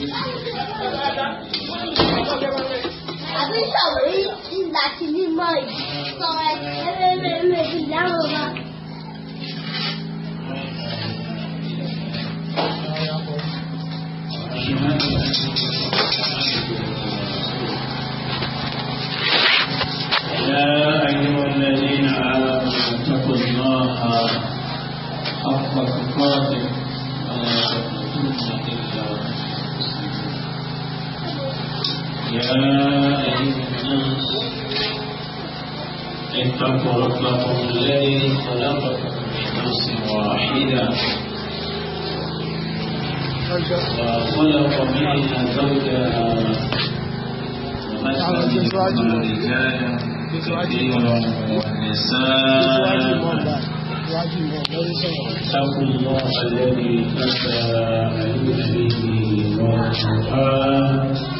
abin يا أيها الذين آمنوا اتقوا الله حق تقاته ولا تموتن إلا وأنتم اتقوا ربكم الذي خلقكم من نفس واحدة وخلق منها زوجها وبث منهما رجالا كثيرا ونساء اتقوا الله الذي تساءلون به والارحام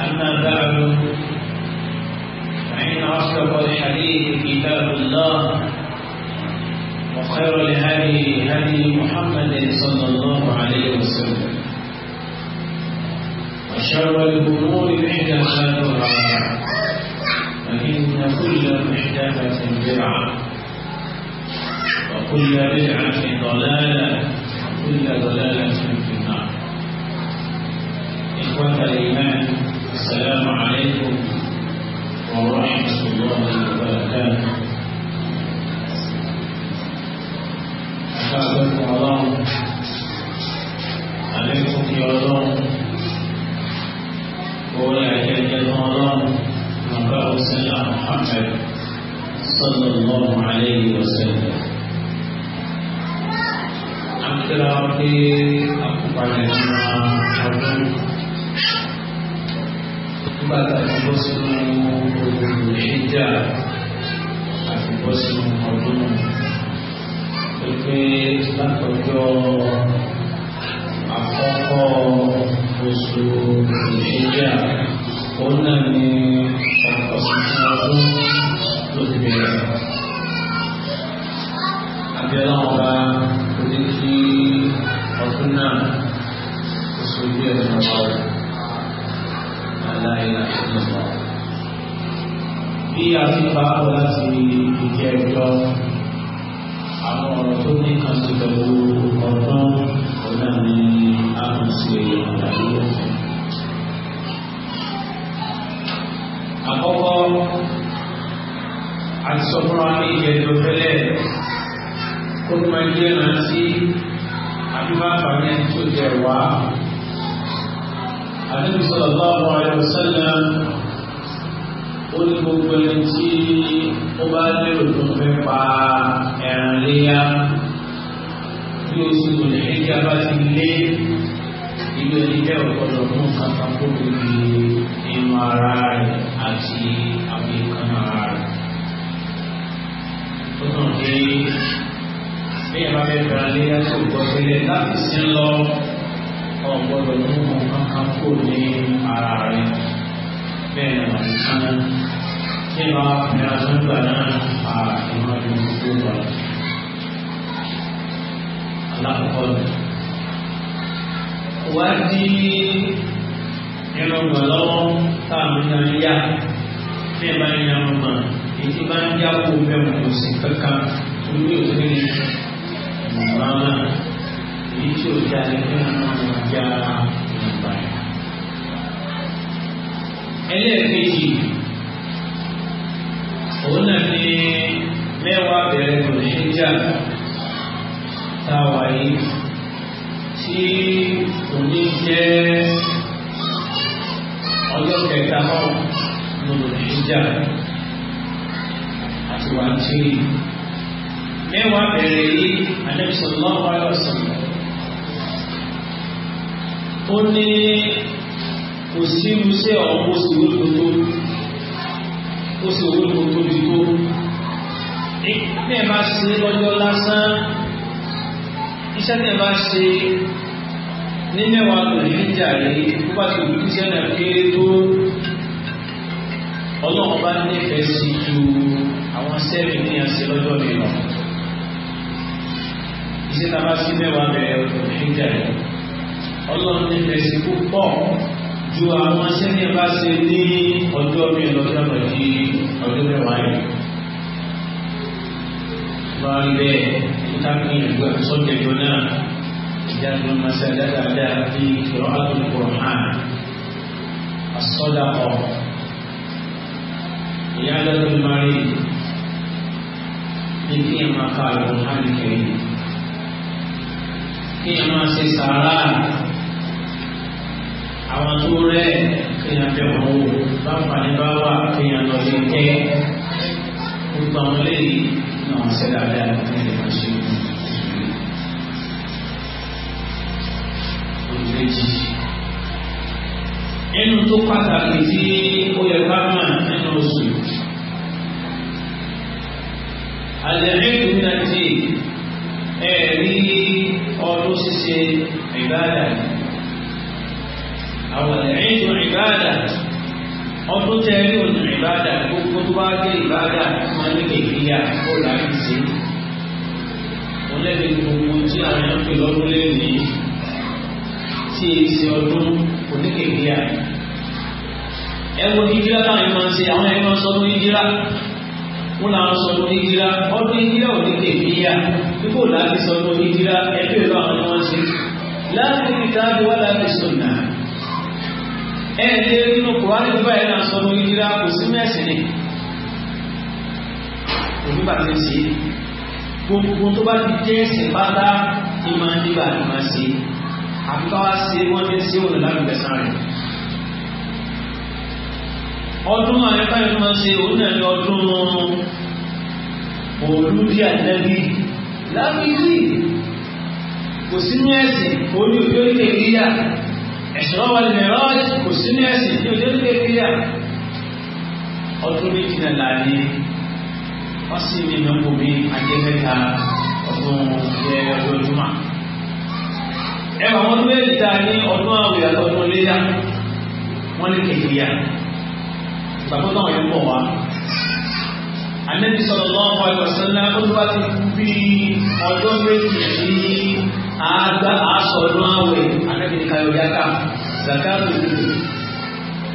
أما بعد فإن أصدق الحديث كتاب الله وخير لهذه هدي محمد صلى الله عليه وسلم وشر الأمور محدثاتها فإن كل محدثة بدعة وكل بدعة ضلالة وكل ضلالة في النار إخوة الإيمان السلام عليكم ورحمة الله وبركاته أحبكم الله عليكم يا الله ولا يا الله نبأ سيدنا محمد صلى الله عليه وسلم أكثر في أكبر من nígbà tá a ti bọ́ sínú ọdún ìṣẹ́jà àti bọ́ sínú ọdún pé látọjọ́ àkọ́kọ́ oṣù ìṣẹ́jà òun náà ni ọ̀sán ọdún ló ti bẹ̀rẹ̀. Abiola ọba kò ọdún náà oṣù ìṣẹ́jà ọba rẹ̀. لا إله إلا الله bí a ti bá a láti ìjẹ́ ẹjọ́ àwọn ọ̀rọ̀ tó ní kan ti pẹ̀lú ọgbọ́n ọ̀nà ni a kàn ṣe ìrànlọ́wọ́. àkọ́kọ́ àti sọ fún wa ní ìjẹ́ ẹjọ́ tẹ́lẹ̀ kó tó máa jẹ́ ìrántí àbí bá bàbá ẹni tó jẹ wá. النبي صلى الله عليه وسلم ó ní gbogbo ẹni tí ó bá lérò tó ń fẹ́ pa ẹ̀ràn léyà bí o sì lò lẹ́yìn tí a bá ti lé ìlú ẹni láti sin lọ ọgbọ́dọ̀ ní mọ̀ kankan kó ní ara rẹ̀ bẹ́ẹ̀ ni wọ́n ti kán tí ìwà ìlera tó ń náà a ìwà ìlú tó wà. alákọ̀ọ́ wá dí ẹnu ọgbà lọ́wọ́ táàmì náà yá ní ìbá ìyá ọmọ èyí ń yá kó bẹ́ẹ̀ mọ̀ sí kankan tó ní òfin ìmọ̀ náà èyí tí ò dáa ní ẹlẹ́ẹ̀kejì òun náà ni mẹ́wàá bẹ̀rẹ̀ lòṣèjà táwa yìí tí òní jẹ́ ọjọ́ kẹta náà lòṣèjà àti wà ń ṣe mẹ́wàá bẹ̀rẹ̀ yìí àdébísọ̀ lọ́wọ́ ayọ̀sán ó ní kò sí irúṣẹ́ ọ̀hún kó sì wúlò tó kó sì wúlò tó tóbi tó. ìpínlẹ̀ máa ṣe lọ́jọ́ lásán iṣẹ́ tẹ̀ máa ṣe ní mẹ́wàá lò ní jàre tó bá ti wùdí iṣẹ́ náà kéré tó ọlọ́run bá nífẹ̀ẹ́ sí ju àwọn sẹ́ẹ̀lì ní àṣẹ lọ́jọ́ mi lọ. iṣẹ́ tá a bá mẹ́wàá bẹ̀rẹ̀ ọ̀dọ̀ ní jàre ọlọ́run nífẹ̀ẹ́ sí púpọ̀ ju àwọn sẹ́ni bá ṣe ní ọjọ́ mi lọ́jọ́ mọ̀ ní ọdún mẹ́wàá yìí. Bá ń bẹ ìtàkùn ìlú àtúnṣọ́jẹ̀jọ náà ìdájọ́ máa ṣe dáadáa bí ìrọ̀ àdúgbò hàn àsọdàpọ̀ ìyá lọ́dún márì ní kí ẹ máa ka àlùkò hàn kiri kí ẹ máa ṣe sàárà àwọn tó rẹ̀ kéèyàn fẹ́ wọn wò láǹfààní bá wà kéèyàn lọ sí kẹ́ gbogbo àwọn eléyìí ní àwọn sẹ́dá alẹ́ àti ẹ̀rọ máa ṣe wọn. olùdíjì ẹnu tó pàtàkì tí ó yẹ ká mà nínú oṣù àlẹ́ ẹ̀dùn náà ti ẹ̀rí ọdún ṣíṣe ìbáradà àwọn ẹ̀yìn tó ìbáàdà ọdún tẹ ẹ ní òdùn ìbáàdà gbogbo tó bá dé ìbáàdà máa ní kékeré àkókò láti ṣe wọn lẹ́nu gbogbo tí àwọn èèyàn fi lọ́dún lẹ́nu yìí tí e ṣe ọdún oníkékeré à ẹ wo hijira táwọn èèyàn máa ń ṣe àwọn èèyàn máa ń sọdún hijira wọn làwọn sọdún hijira ọdún hijira oníkékeré à dípò láti sọdún hijira ẹgbẹ́ ìlú àwọn ni wọ́n ṣe láti fi dáadé wá láti sọ̀nà ẹ̀ẹ́dẹ́ nínú kùránì tó báyìí náà sọ́nà ìdíra kò sí mẹ́sìn ni òní bàtà ń ṣe gbogbo tó bá ti jẹ́ ẹ̀sìn pátá ni máa ń dìbà ni máa ṣe àfi káwá ṣe wọ́n ní ṣé òun lábẹ́ sàn rẹ̀ ọdún máa ń báyìí máa ṣe òun náà ní ọdún olùdí àdẹ́bí lábìlì kò sí mẹ́sìn òní òjò ẹ̀sọ́ wà lè rọ́ọ̀jì kò sí ní ẹ̀sìn ní ojú ìgbé kílíà ọdún méjì náà láàyè wọ́n sì ní mẹ́kọ̀ọ́ bí ajẹ́mẹ́ta ọdún ẹ̀ ọdún ọdúnmá. ẹ bá wọn bẹ́ẹ̀ lè dáa ní ọdún àwẹ̀ àtọ́dún léyà wọ́n lè kékeré à ìgbàgbọ́ náà yẹn bọ̀ wá. Ànábì sallallahu alaihi wasallam ó tó bá àgbà àsọ̀nù àwẹ̀ anábìnrin kayọ̀yáká zakato fitri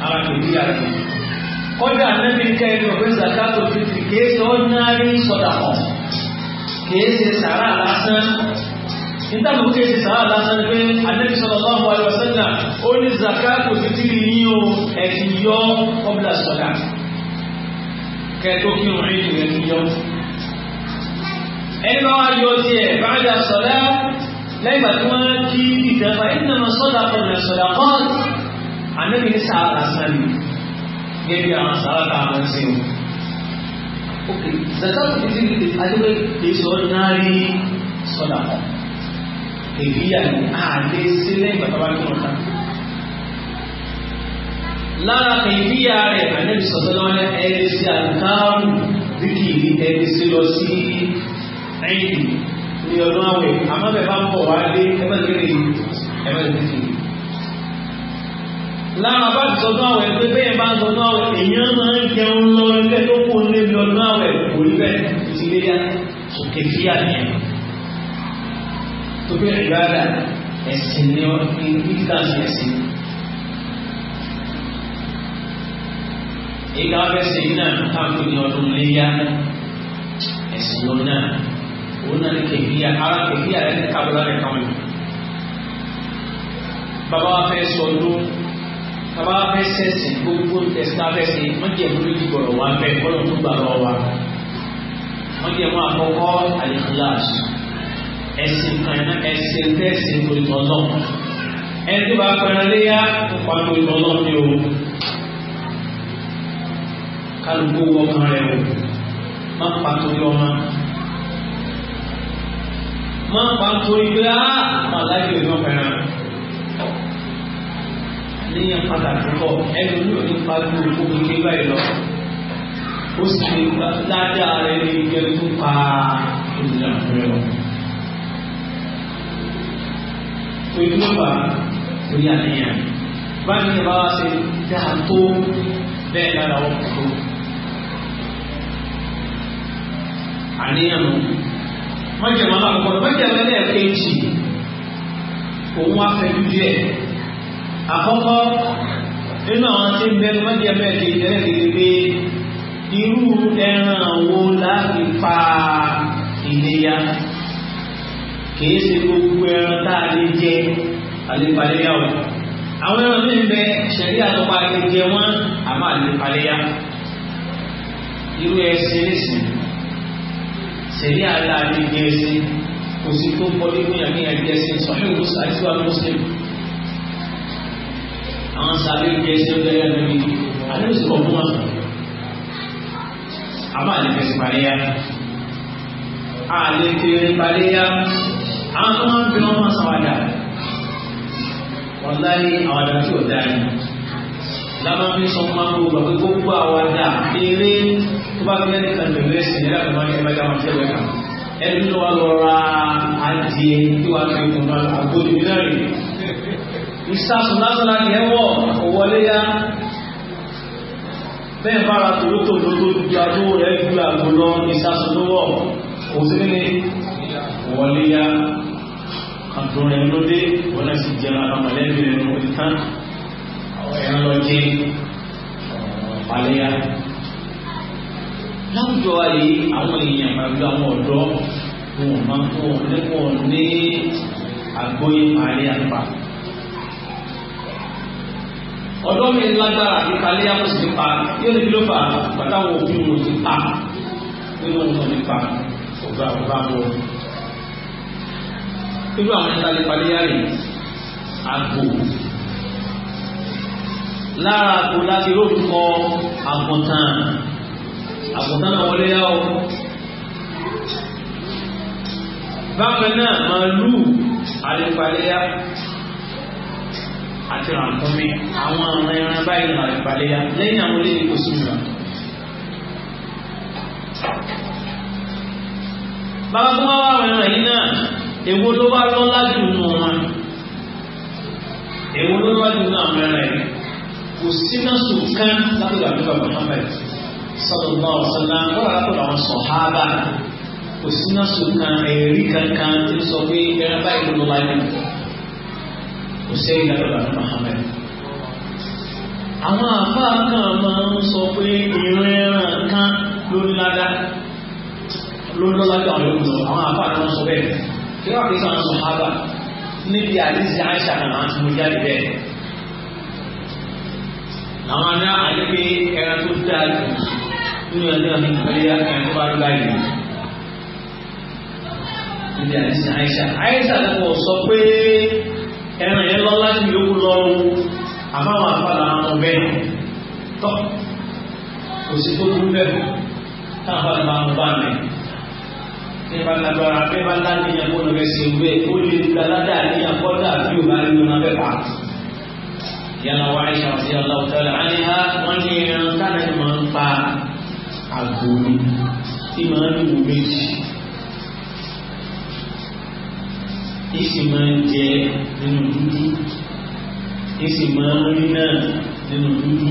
ara kò ní yàrá yìí kọ́dà anábìnrin kayọ̀yáká ọ̀gbẹ́ zakato fitri kìí ṣe ọ́nàrí sọ̀dà kan kìí ṣe sàrà lásán nígbà tó kìí ṣe sàrà lásán pé anábìnrin sallallahu alaihi wasallam ó ní zakato fitri ní o ẹ̀sìn yọ ọ̀bùdà sọ̀dà kẹ́ẹ̀tọ́ kí n rìn ìrìn yọ ẹni bá wá yọ tiẹ̀ bá lẹ́yìn tí wọ́n kí ìjọba ìnáwó sọ́dà pẹ̀lú sọ́dà pọ́ọ̀t ànábì ní sàrà lásán ni gẹ́gẹ́ bí àwọn sàrà tá a máa ń sìn o. ok zaka kò tí ti adébẹ́ kì í sọ náírì sọ́dà pọ̀ èyí àti àdé sílẹ̀ bàbá tó ń kàn. lára kìíyà rẹ̀ ànábì sọ̀tọ́ náà ní ẹ̀ẹ́dẹ́sì àtàrù dìkì ẹ̀ẹ́dẹ́sì lọ sí ẹ̀yìn ní ọdún àwẹ̀ àmọ́ bẹ̀ bá ń bọ̀ wá dé ẹgbẹ́lẹ́gbẹ̀rẹ̀ ẹgbẹ́lẹ́gbẹ̀rẹ̀ lára bá ti sọdún àwẹ̀ pé bẹ́ẹ̀ bá ń sọdún àwẹ̀ èèyàn máa ń jẹun lọ ẹgbẹ́ tó kù ní ibi ọdún àwẹ̀ kò rí bẹ́ẹ̀ ti lé yá sókè sí àyẹ̀wò tó bẹ́ ìgbàdà ẹ̀sìn ní ọdún ìgbàsí ẹ̀sìn ìgbà fẹsẹ̀ yìí náà káàkiri ọdún léyà ẹ̀sìn lọ náà òun náà ní kèfìyà ara kèfìyà rẹ̀ ní kábọ̀lá rẹ̀ kàn yìí. bàbá wa fẹ́ sọ ọdún bàbá wa fẹ́ sẹ́sìn gbogbo ẹ̀sìn abẹ́sẹ̀ wọ́n jẹ́ ìwúlò ìgbọ̀rọ̀ wa fẹ́ kọ́lọ́ tó gbà lọ wa. wọ́n jẹ́ mọ́ àkọ́kọ́ àyẹ̀kọ́láàsì ẹ̀sìn kan ẹ̀sìn tẹ̀sìn olùtọ́lọ́ ẹni tó bá pẹ̀rẹ̀ léyà pàtó olùtọ́lọ́ máa pa nítorí pé á máa láyé òní ọ̀pẹ̀rẹ̀ níyàn pàtàkì pọ̀ ẹnu ní òní pariwo kó kékeré báyìí lọ ó sì lè dáadáa rẹ ní ìgbẹ́ tó pa ènìyàn rẹ lọ. Ojú ọ̀pá orí àníyàn báyìí ni bàbá ṣe dáa tó bẹ́ẹ̀ lára ọkọ̀ tó. Àníyàn nù mọ́jẹ̀mọ́ alákọ̀ọ́kọ́ mọ́jẹ̀mọ́ ẹlẹ́ẹ̀kejì òun wá fẹ́jú díẹ̀ àkọ́kọ́ nínú àwọn tí ń bẹ mọ́jẹ̀mọ́ ẹlẹ́ẹ̀kejì ẹlẹ́ẹ̀kejì pé irú ẹran wo láti pa ìléyà kìí ṣe gbogbo ẹran tá a lè jẹ àlepàléyà o àwọn ẹran mi ń bẹ ṣẹ̀rí àtọ́pá lè jẹ wọ́n àmọ́ àlepàléyà irú ẹsẹ̀ lè sìn sẹ̀rí àrẹ àrẹ ìdí ẹsẹ̀ kò sí tó bọ́lé fún yàrá ìyá ìdí ẹsẹ̀ sọ́yìn ló sọ àti wàá mọ́sẹ̀lì àwọn sàbẹ̀ ìdí ẹsẹ̀ ń bẹ̀rẹ̀ lórí àlẹ́ òsì kọ̀ fún wa àmọ́ àlẹ́ fẹ̀sì parí yá àlẹ́ fẹ̀rẹ̀ parí yá àwọn tó máa ń bẹ wọn máa sàwádà wọn láyé àwọn àdàtì ọ̀dà yìí lábàá fi sọ fún wa gbogbo àpé gbogbo eré tó bá fi lẹ́nu kan lòlẹ́ sí ní láti máa ń ṣẹ́gbẹ́ dáhùn sí ẹ̀wẹ̀ kan ẹni tó wà lọ ra adìẹ tó wà fi kùn náà àgbòdì mìíràn ìsàsùn lásán láti ẹwọ òwọlé yá bẹ́ẹ̀ bára tòlótòló tó ju adówó rẹ̀ ju àgbò lọ ìsàsùn lówọ̀ òsínú ni òwọlé yá àtúnrẹ̀ lóde wọ́n náà sì jẹ́ àmàlẹ́bí rẹ̀ lóde tán àwọn ẹ̀rọ lọ jẹ́ àléyá láwùjọ wa yìí àwọn èèyàn pàbí àwọn ọ̀dọ́ wọn máa ń wọn nípò ní àgbóyè parí àpá. ọ̀dọ́ mi lágbára ìpàlẹ́ àkóso nípa yóò ní ló fà pátáwọn òbí wọn ti pa nínú wọn nípa ọ̀gá ọ̀gá wọn. irú àwọn ìtàlẹ̀ parí yàrá àgbò lára àgbò láti lórúkọ àgùntàn àgùntàn náà wọlé yá o bákan náà màálù àlepàléyà àti ràǹkọ́mí àwọn àwọn ẹran báyìí náà àlepàléyà lẹ́yìn àwọn olóyè kò sùn náà. bàbá tó wá wà ẹran yìí náà èwo ló bá lọ́lá jù nù wọn èwo ló bá jù nù àwọn ẹran yìí kò sí náà sùn kán látọ̀dọ̀ àbúrò àbúrò Muhammad sọlọ́lá ọ̀sánlá lọ́wọ́ pẹ̀lú àwọn sọ̀hábà kò sí náà sùkàn ẹ̀rí kankan tó sọ pé ẹran báyìí ló wáyé kò sẹ́yìn lábẹ́lá ní Muhammad. àwọn àfáà kan máa ń sọ pé ìran ẹran kan ló ń ládá ló ń lọ́lájú àwọn olùdó àwọn àfáà kan sọ bẹ́ẹ̀ kí wọ́n fi sọ̀rọ̀ sọ̀hábà níbi àdíjì àṣà kan àti mo jáde bẹ́ẹ̀ àwọn ará àyè pé ẹran tó dáa jù nínú ẹni àmì ìpẹ́lẹ́ akẹ́kọ̀ọ́ bá ló láyé lò. Níbi àdísìn Aisha. Aisha ló wọ̀ sọ pé ẹran yẹn lọ láti yòókù lọ́rùn àmọ́ àwọn àpàlà àwọn bẹ́ẹ̀ tọ́. Kò sí tó burú bẹ́ẹ̀ táwọn àpàlà máa ń bá mi. Ní bá lágbára pé bá láti yàn kó lọ́bẹ̀ sí ìwé ó lè gba ládàá ní àkọ́dà bí ò bá rí wọn abẹ́ pa. Ìyá wa Aisha radiyallahu ta'ala anha wọ́n ní ẹran tánà ìmọ̀ ń pa àgbò ni tí máa ń wù méjì ìsì máa ń jẹ nínú dúdú ìsì máa ń rí náà nínú dúdú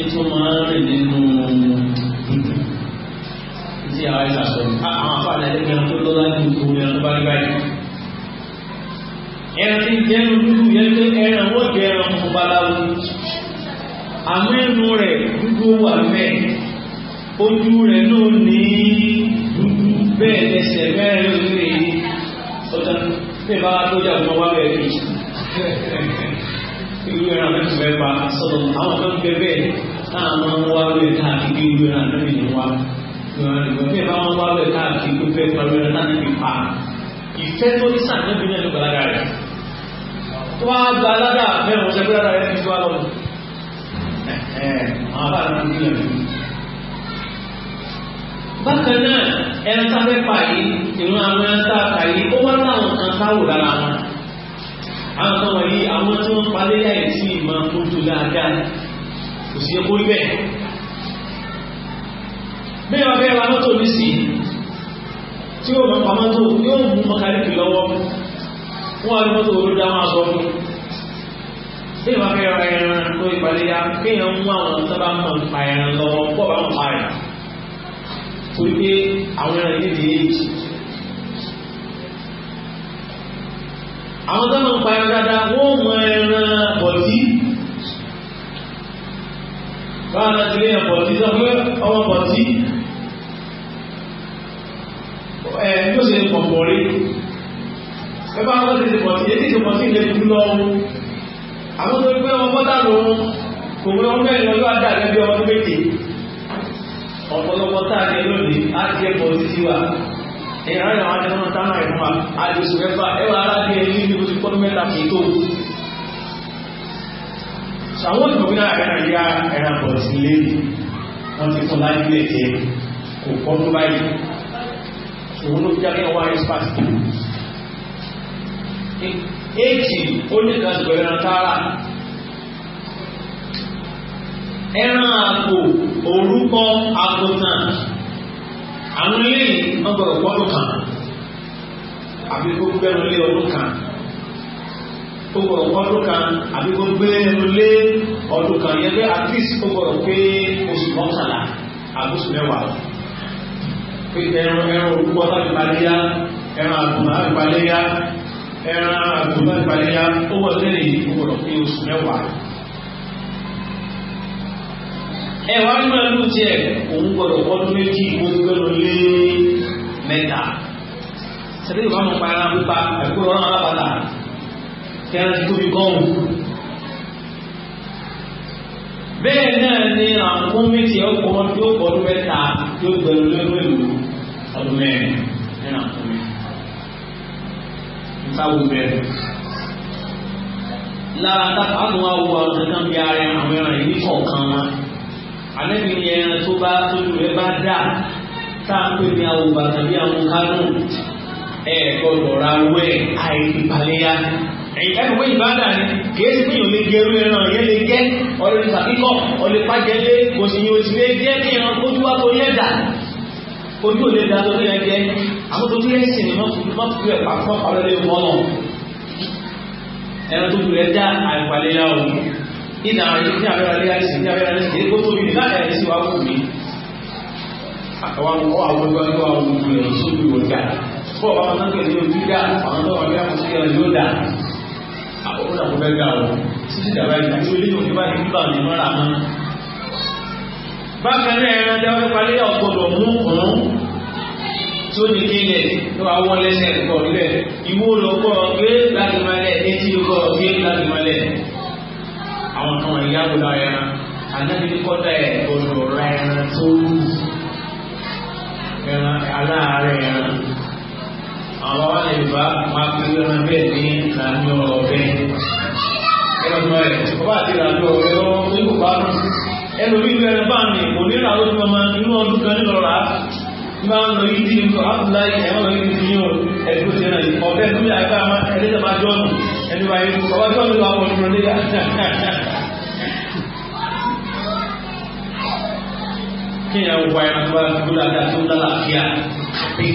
ètò máa ń rìn nínú dúdú tí àwọn ẹ̀ka sọ àwọn afáàlẹ̀ ẹgbẹ́ tó lọ́lá ní ìkòwé ẹran tó bá rí dúdú yẹn pé ẹran wọ́n jẹ ẹran fún babaláwo àmọ́ ẹnu rẹ̀ dúdú wà mẹ́ẹ̀ ojú rẹ̀ náà ní dúdú bẹ́ẹ̀ lẹ́sẹ̀ mẹ́rin lórí èyí ọjà bẹ́ẹ̀ bá tó jà fún ọwọ́ rẹ̀ bí irú ẹran mẹ́tò mẹ́fà sọ̀rọ̀ àwọn kan bẹ bẹ́ẹ̀ náà máa ń wá rẹ̀ káàkiri irú ẹran mẹ́rin ni wá bẹ́ẹ̀ bá wọn wá rẹ̀ káàkiri tó fẹ́ parí ẹran náà níbi pa ìfẹ́ tó ní sàtẹ́bí náà ló gbàlágà rẹ̀ tó wá gbàlágà mẹ́rin ọ̀sẹ̀ gbàlágà rẹ̀ ti wá bákan náà ẹran tá a fẹ́ pa yìí ìran àwọn ẹran tá a kà yìí ó wá láwọn kan táwò lára wọn àwọn kan wọ̀nyí àwọn tí wọ́n palẹ́ láì sí ìmọ̀ kótó dáadáa kò sí ẹkọ ibẹ̀ bẹ́ẹ̀ wá bẹ́ẹ̀ wá mọ́tò mi sí tí yóò máa pa mọ́tò yóò mú mọ́kálíkì lọ́wọ́ wọ́n á rí mọ́tò olódà máa sọ fún bí wọ́n fẹ́ ẹran tó ìpàdé yá kéèyàn mú àwọn tó mọ̀ nípa ẹran lọ́wọ́ pọ̀ bá ń pa ẹran torí pé àwọn ẹran yìí di èjì àwọn tó máa ń pa ẹran dáadáa wọ́n mọ ẹran bọ̀tí báwọn náà ti lé ẹran bọ̀tí sọ pé ọmọ bọ̀tí ẹ yóò ṣe pọ̀pọ̀ rí ẹ bá wọ́n ti ṣe bọ̀tí ètí ìṣe bọ̀tí ìlẹ̀ dúdú lọ́wọ́ àwọn tó ń pẹ́ wọn bọ́tà lòun kò wọ́n mẹ́rin lọ́jọ́ àdá lẹ́bí ọmọ tó méje ọ̀pọ̀lọpọ̀ tá a jẹ lónìí á ti ẹ̀pọ̀ títí wa ẹ̀yìn ara àwọn adẹ́nà táwọn ẹ̀fọn wa àdìsù mẹ́fà ẹwà ara bí ẹni níbi bó ti pọ́n mẹ́ta kì í tó. sàwọn ìgbòmí náà ẹ̀rọ ìyá ẹ̀rọ pọ̀ sí ilé wọn ti fún láyé ilé jẹ kò pọ́n tó báyìí òun ló jáde wá expert èjì ó ní kan ṣùgbọ́n ẹran àpò orúkọ àgùntàn àwọn eléyìí wọn gbọ́dọ̀ gbọ́dọ̀ kan àbí kó gbẹrun lé ọdún kan ó gbọ́dọ̀ gbọ́dọ̀ kan àbí kó gbẹrun lé ọdún kan yẹn lé at least ó gbọ́dọ̀ pé oṣù mọ́kànlá àbúṣù mẹ́wàá pé ẹran ẹran orúkọ láti paléyà ẹran àgùntàn láti paléyà ẹran àgùntàn láti paléyà ó gbọ́dọ̀ lẹ́yìn ó gbọ́dọ̀ pé oṣù mẹ́wàá ẹ wá ní màálù tiẹ̀ òun gbọ́dọ̀ ọdún méjì gbọ́dọ̀ lé mẹ́ta sẹ́dẹ̀ ìwà mọ̀ para pípa ẹ̀kọ́ ọ̀rọ̀ alábàtà kẹrin ti tóbi gọ́ọ̀mù. bẹ́ẹ̀ náà ni àwọn méjì ọkùnrin tí ó gbọ́dọ̀ mẹ́ta tí ó gbọ́dọ̀ lérò èlò ọdún mẹ́rin nínú àwọn mi. nítawó bẹ́ẹ̀ lára táwọn àwọn àwọn ọ̀sẹ̀ náà bí ara àwọn ẹran yìí kọ̀ọ̀kan wọn àlẹ́bí ni ẹran tó bá tójú rẹ bá dà tá a pè ní àwọn òbá tàbí àwọn kánú ẹ gbọdọ̀ ra wẹ̀ àìsípaléyà ẹ̀yìn wọ́n ìbádà ni kìí sí òun lè gẹrú ẹran yẹn lè gẹ́ ọlẹ́ ìsàkíkọ̀ ọlẹ́ pàjẹ́lé kò sì yóò sì lè jẹ́ kí ẹran ojú wa tó yẹ dà ojú ò lè da tó yẹ jẹ́ àwọn tó yẹ sì ni wọ́n fi wọ́n fi rẹ̀ pàṣọ pàlọ́ lé wọ́n lọ ẹran tó fi rẹ̀ dá àìpàlẹ́yà òun. Ina àyè ní abẹ́rẹ́ alẹ́ àìsàn ní abẹ́rẹ́ alẹ́ àìsàn kó tóbi ní láti àìsàn wà wù mí. àwọn ọkọ àwọn ọgbà yóò wà wù mí ẹ̀yìn sóbi wò dà fún ọba wọn náà kẹlẹ́ ojú dà àwọn náà wà bí àkọsí ẹ̀rọ yóò dà àwọn ọ̀nà kò bẹ́ẹ̀ gbà wọ́n títí dàbá ìgbà tí olè yóò nípa nígbà mi mọ́ra mọ́. bákan náà tó ní kílẹ̀ tó wà wọ́n lẹ́sẹ̀ ẹ̀kọ́ rẹ̀ ìwó lọ́kọ́ gbé láti mọ́lẹ̀ etí lọ́kọ́ gbé láti mọ́lẹ̀ àwọn kan wọ̀nyí yàgò lọ ẹran ànábi ní kọ́dà ẹ̀ gbọdọ̀ ra ẹran tó wù ẹran aláàárẹ̀ ẹran àwọn wa lè bá máa fi ẹran bẹ́ẹ̀ ní ìlànà ọ̀rọ̀ bẹ́ẹ̀ ẹran ẹ̀ ọba àti ìlànà ọ̀rọ̀ ẹ̀rọ bá dùn ẹlòmí ìlú ẹran bá mi kò ní ìlànà ojú ọmọ inú ọdún kan nínú ọ̀rá máa ń lọ yí di nǹkan abdullahi ẹ̀wọ̀n lọ yí di yíyan ẹ̀dúgbò ẹni wáyé bàbá tó ń lo àwọn ọmọ nílá kéèyàn wọ ẹran tó bá tó dáadáa tó lálàáfíà pé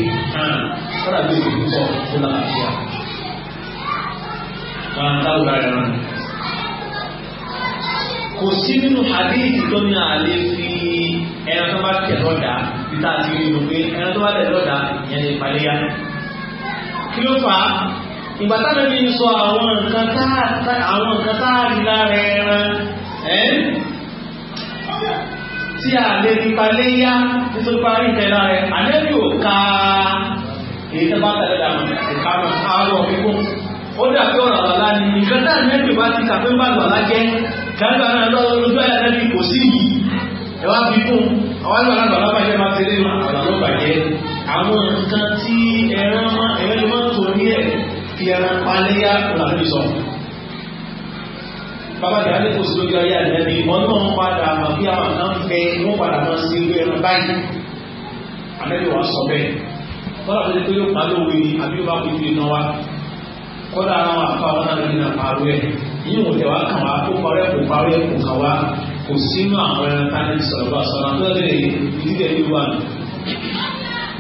kọ́dà tó ìlú pọ̀ tó lálàáfíà wọn á dáwọ́ ẹran. kò sí nínú hadith tó ní àlè fi ẹran tó bá tẹ̀ lọ́dà títà àti ìlú pé ẹran tó bá tẹ̀ lọ́dà yẹn lè parí yá. kí ló fà á? ìgbà táwọn ẹbí ń sọ àwọn nǹkan tá àwọn nǹkan tá a rí lára ẹran ẹ́ tí a lè nípa léyá nítorí parí ìtẹ́ lára ẹ̀ àlẹ́bí ò ka èyí tó bá tẹ̀lé dànù ìka àárọ̀ kíkún ó dà pé ọ̀rọ̀ àlọ́lá ni nǹkan tá àlẹ́bí bá ti kà pé bá lọ́lá jẹ́ kàńtà náà lọ́wọ́ lójú àyà lẹ́bí kò sí yìí ẹ wá fi kún àwọn àgbà náà bàbá bàjẹ́ máa tẹ̀lé àgbà ló bàjẹ́ àwọn nǹkan tí ẹran máa ẹ̀rọ máa tò ní ẹ̀ fi ẹran paléyà làbí sọ bàbá ìyá lè kóso lójú ayé àlẹ́bí wọn náà ń padà mà bí àwọn kan fẹ́ wọn padà máa ṣe irú ẹran báyìí àlẹ́bí wa sọ bẹ́ẹ̀ kọ́lá tó ti pé yóò pàdé òwe ni àbí yóò bá kó ibi náà wá kọ́lá àwọn àfa wọn náà lórí náà parọ́ ẹ̀ yíyún òjò wa kàn wá kó parọ́ ẹ̀ kó parọ́ ẹ̀ kó kàn wá kò sínú àwọn ẹran tá a lè sọ̀rọ̀ bá sọ̀rọ̀ àtúntò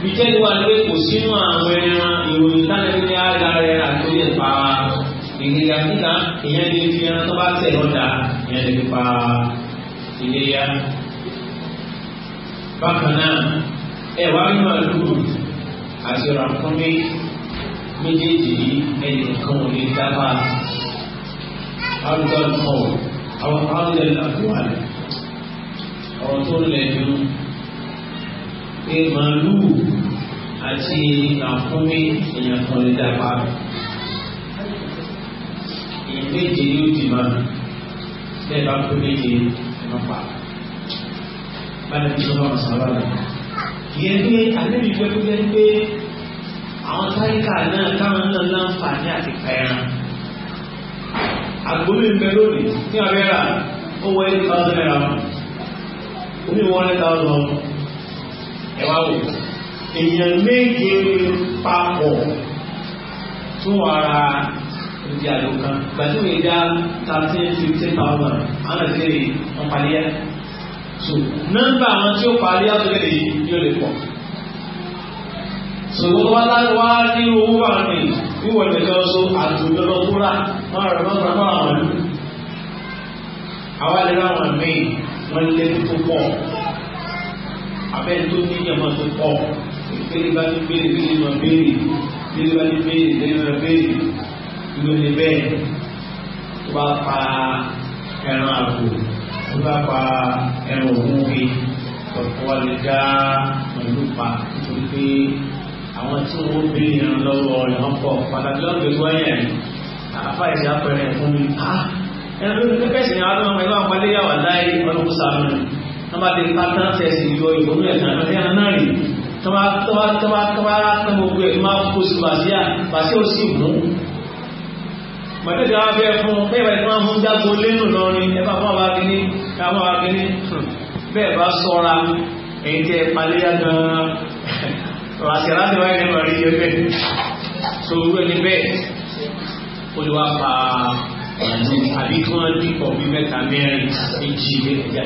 ìjẹ́ni wa lórí kò sínú àwọn ẹran ìròyìn tánàbí ní ara rẹ̀ àti ilé pa ìgbéga kíkà ìyẹn lè fi ẹran tó bá tẹ̀ lọ́dà ìyẹn lè pa iléyà. bákan náà ẹ wá nínú àdúgbò àti ọ̀rọ̀ àkọ́mí méjèèjì yìí ẹnì kan ò lè dábàá àrùtọ́ ọ̀rọ̀ àwọn àrùtọ́ ìlànà ọ̀rọ̀ tó lẹ́nu pé màálùú àti àfúnmi èèyàn kan lè dàgbà èèyàn méje yóò dì máa bẹ́ẹ̀ bá kó méje ẹ̀mọ́ pa báyìí tí wọ́n máa sábà lọ. ìyẹn pé àlébi pẹ́ẹ́pẹ́ jẹ́ pé àwọn táyíkà náà káwọn náà láǹfààní àti pẹ́ẹ́rán àgbómi ń bẹ lónìí ní abẹ́rà ó wọ eight thousand naira omi one thousand ẹ wá wò èèyàn méje papọ̀ tún ara ìdí àlò kan gbàtí wòye dá thirteen fifteen thousand àwọn àti lè wọn parí ẹ so nọ́mbà àwọn tí ó parí àtúndé lè yóò lè pọ̀ so wọn wá láti wá ní owó wà ní wíwọ ìdẹkẹ ọsọ àtúndé lọ kúrà wọn rẹ wọn rẹ wọn àwọn àlù àwa lè àwọn míì wọn lé tó pọ̀ abẹ́rẹ́ tó ní ìjọba tó pọ̀ ìpele bá ti béèrè bí ìjọba béèrè bí ìjọba ti béèrè bí ìjọba béèrè ìlú ni bẹ́ẹ̀ tó bá pa ẹran àgbò tó bá pa ẹran òun wí ọ̀pọ̀ wa lè dá pẹ̀lú pa nítorí pé àwọn tí wọ́n béèrè ẹran lọ́wọ́ rẹ̀ wọ́n pọ̀ pàtàkì lọ́dọ̀ ìwọ́ yẹn àfa ìṣàpẹrẹ fún mi. Ah! ẹran ló ń pẹ́ sí àwọn ọmọ ẹgbẹ́ àwọn ọmọdé ọlọ́kùsà mi tọ́ba ti pa tán sẹ̀sì yọ ìbòmú ẹ̀sán àti àná rè tọ́ba tọ́ba tọ́ba tọ́ba tán gbogbo ẹ̀ máa kó sí bàṣíà bàṣíà ó sì mú. mọ̀tẹ́tẹ́ wa fẹ́ fún bẹ́ẹ̀ bá ti máa fún jágbo lẹ́nu lọ́rin ẹ bá fún àwa kìíní ká fún àwa kìíní bẹ́ẹ̀ bá sọ́ra èyí tẹ́ paléyà gan-an ràṣẹ̀ láti wáyé ní ọ̀rí yẹn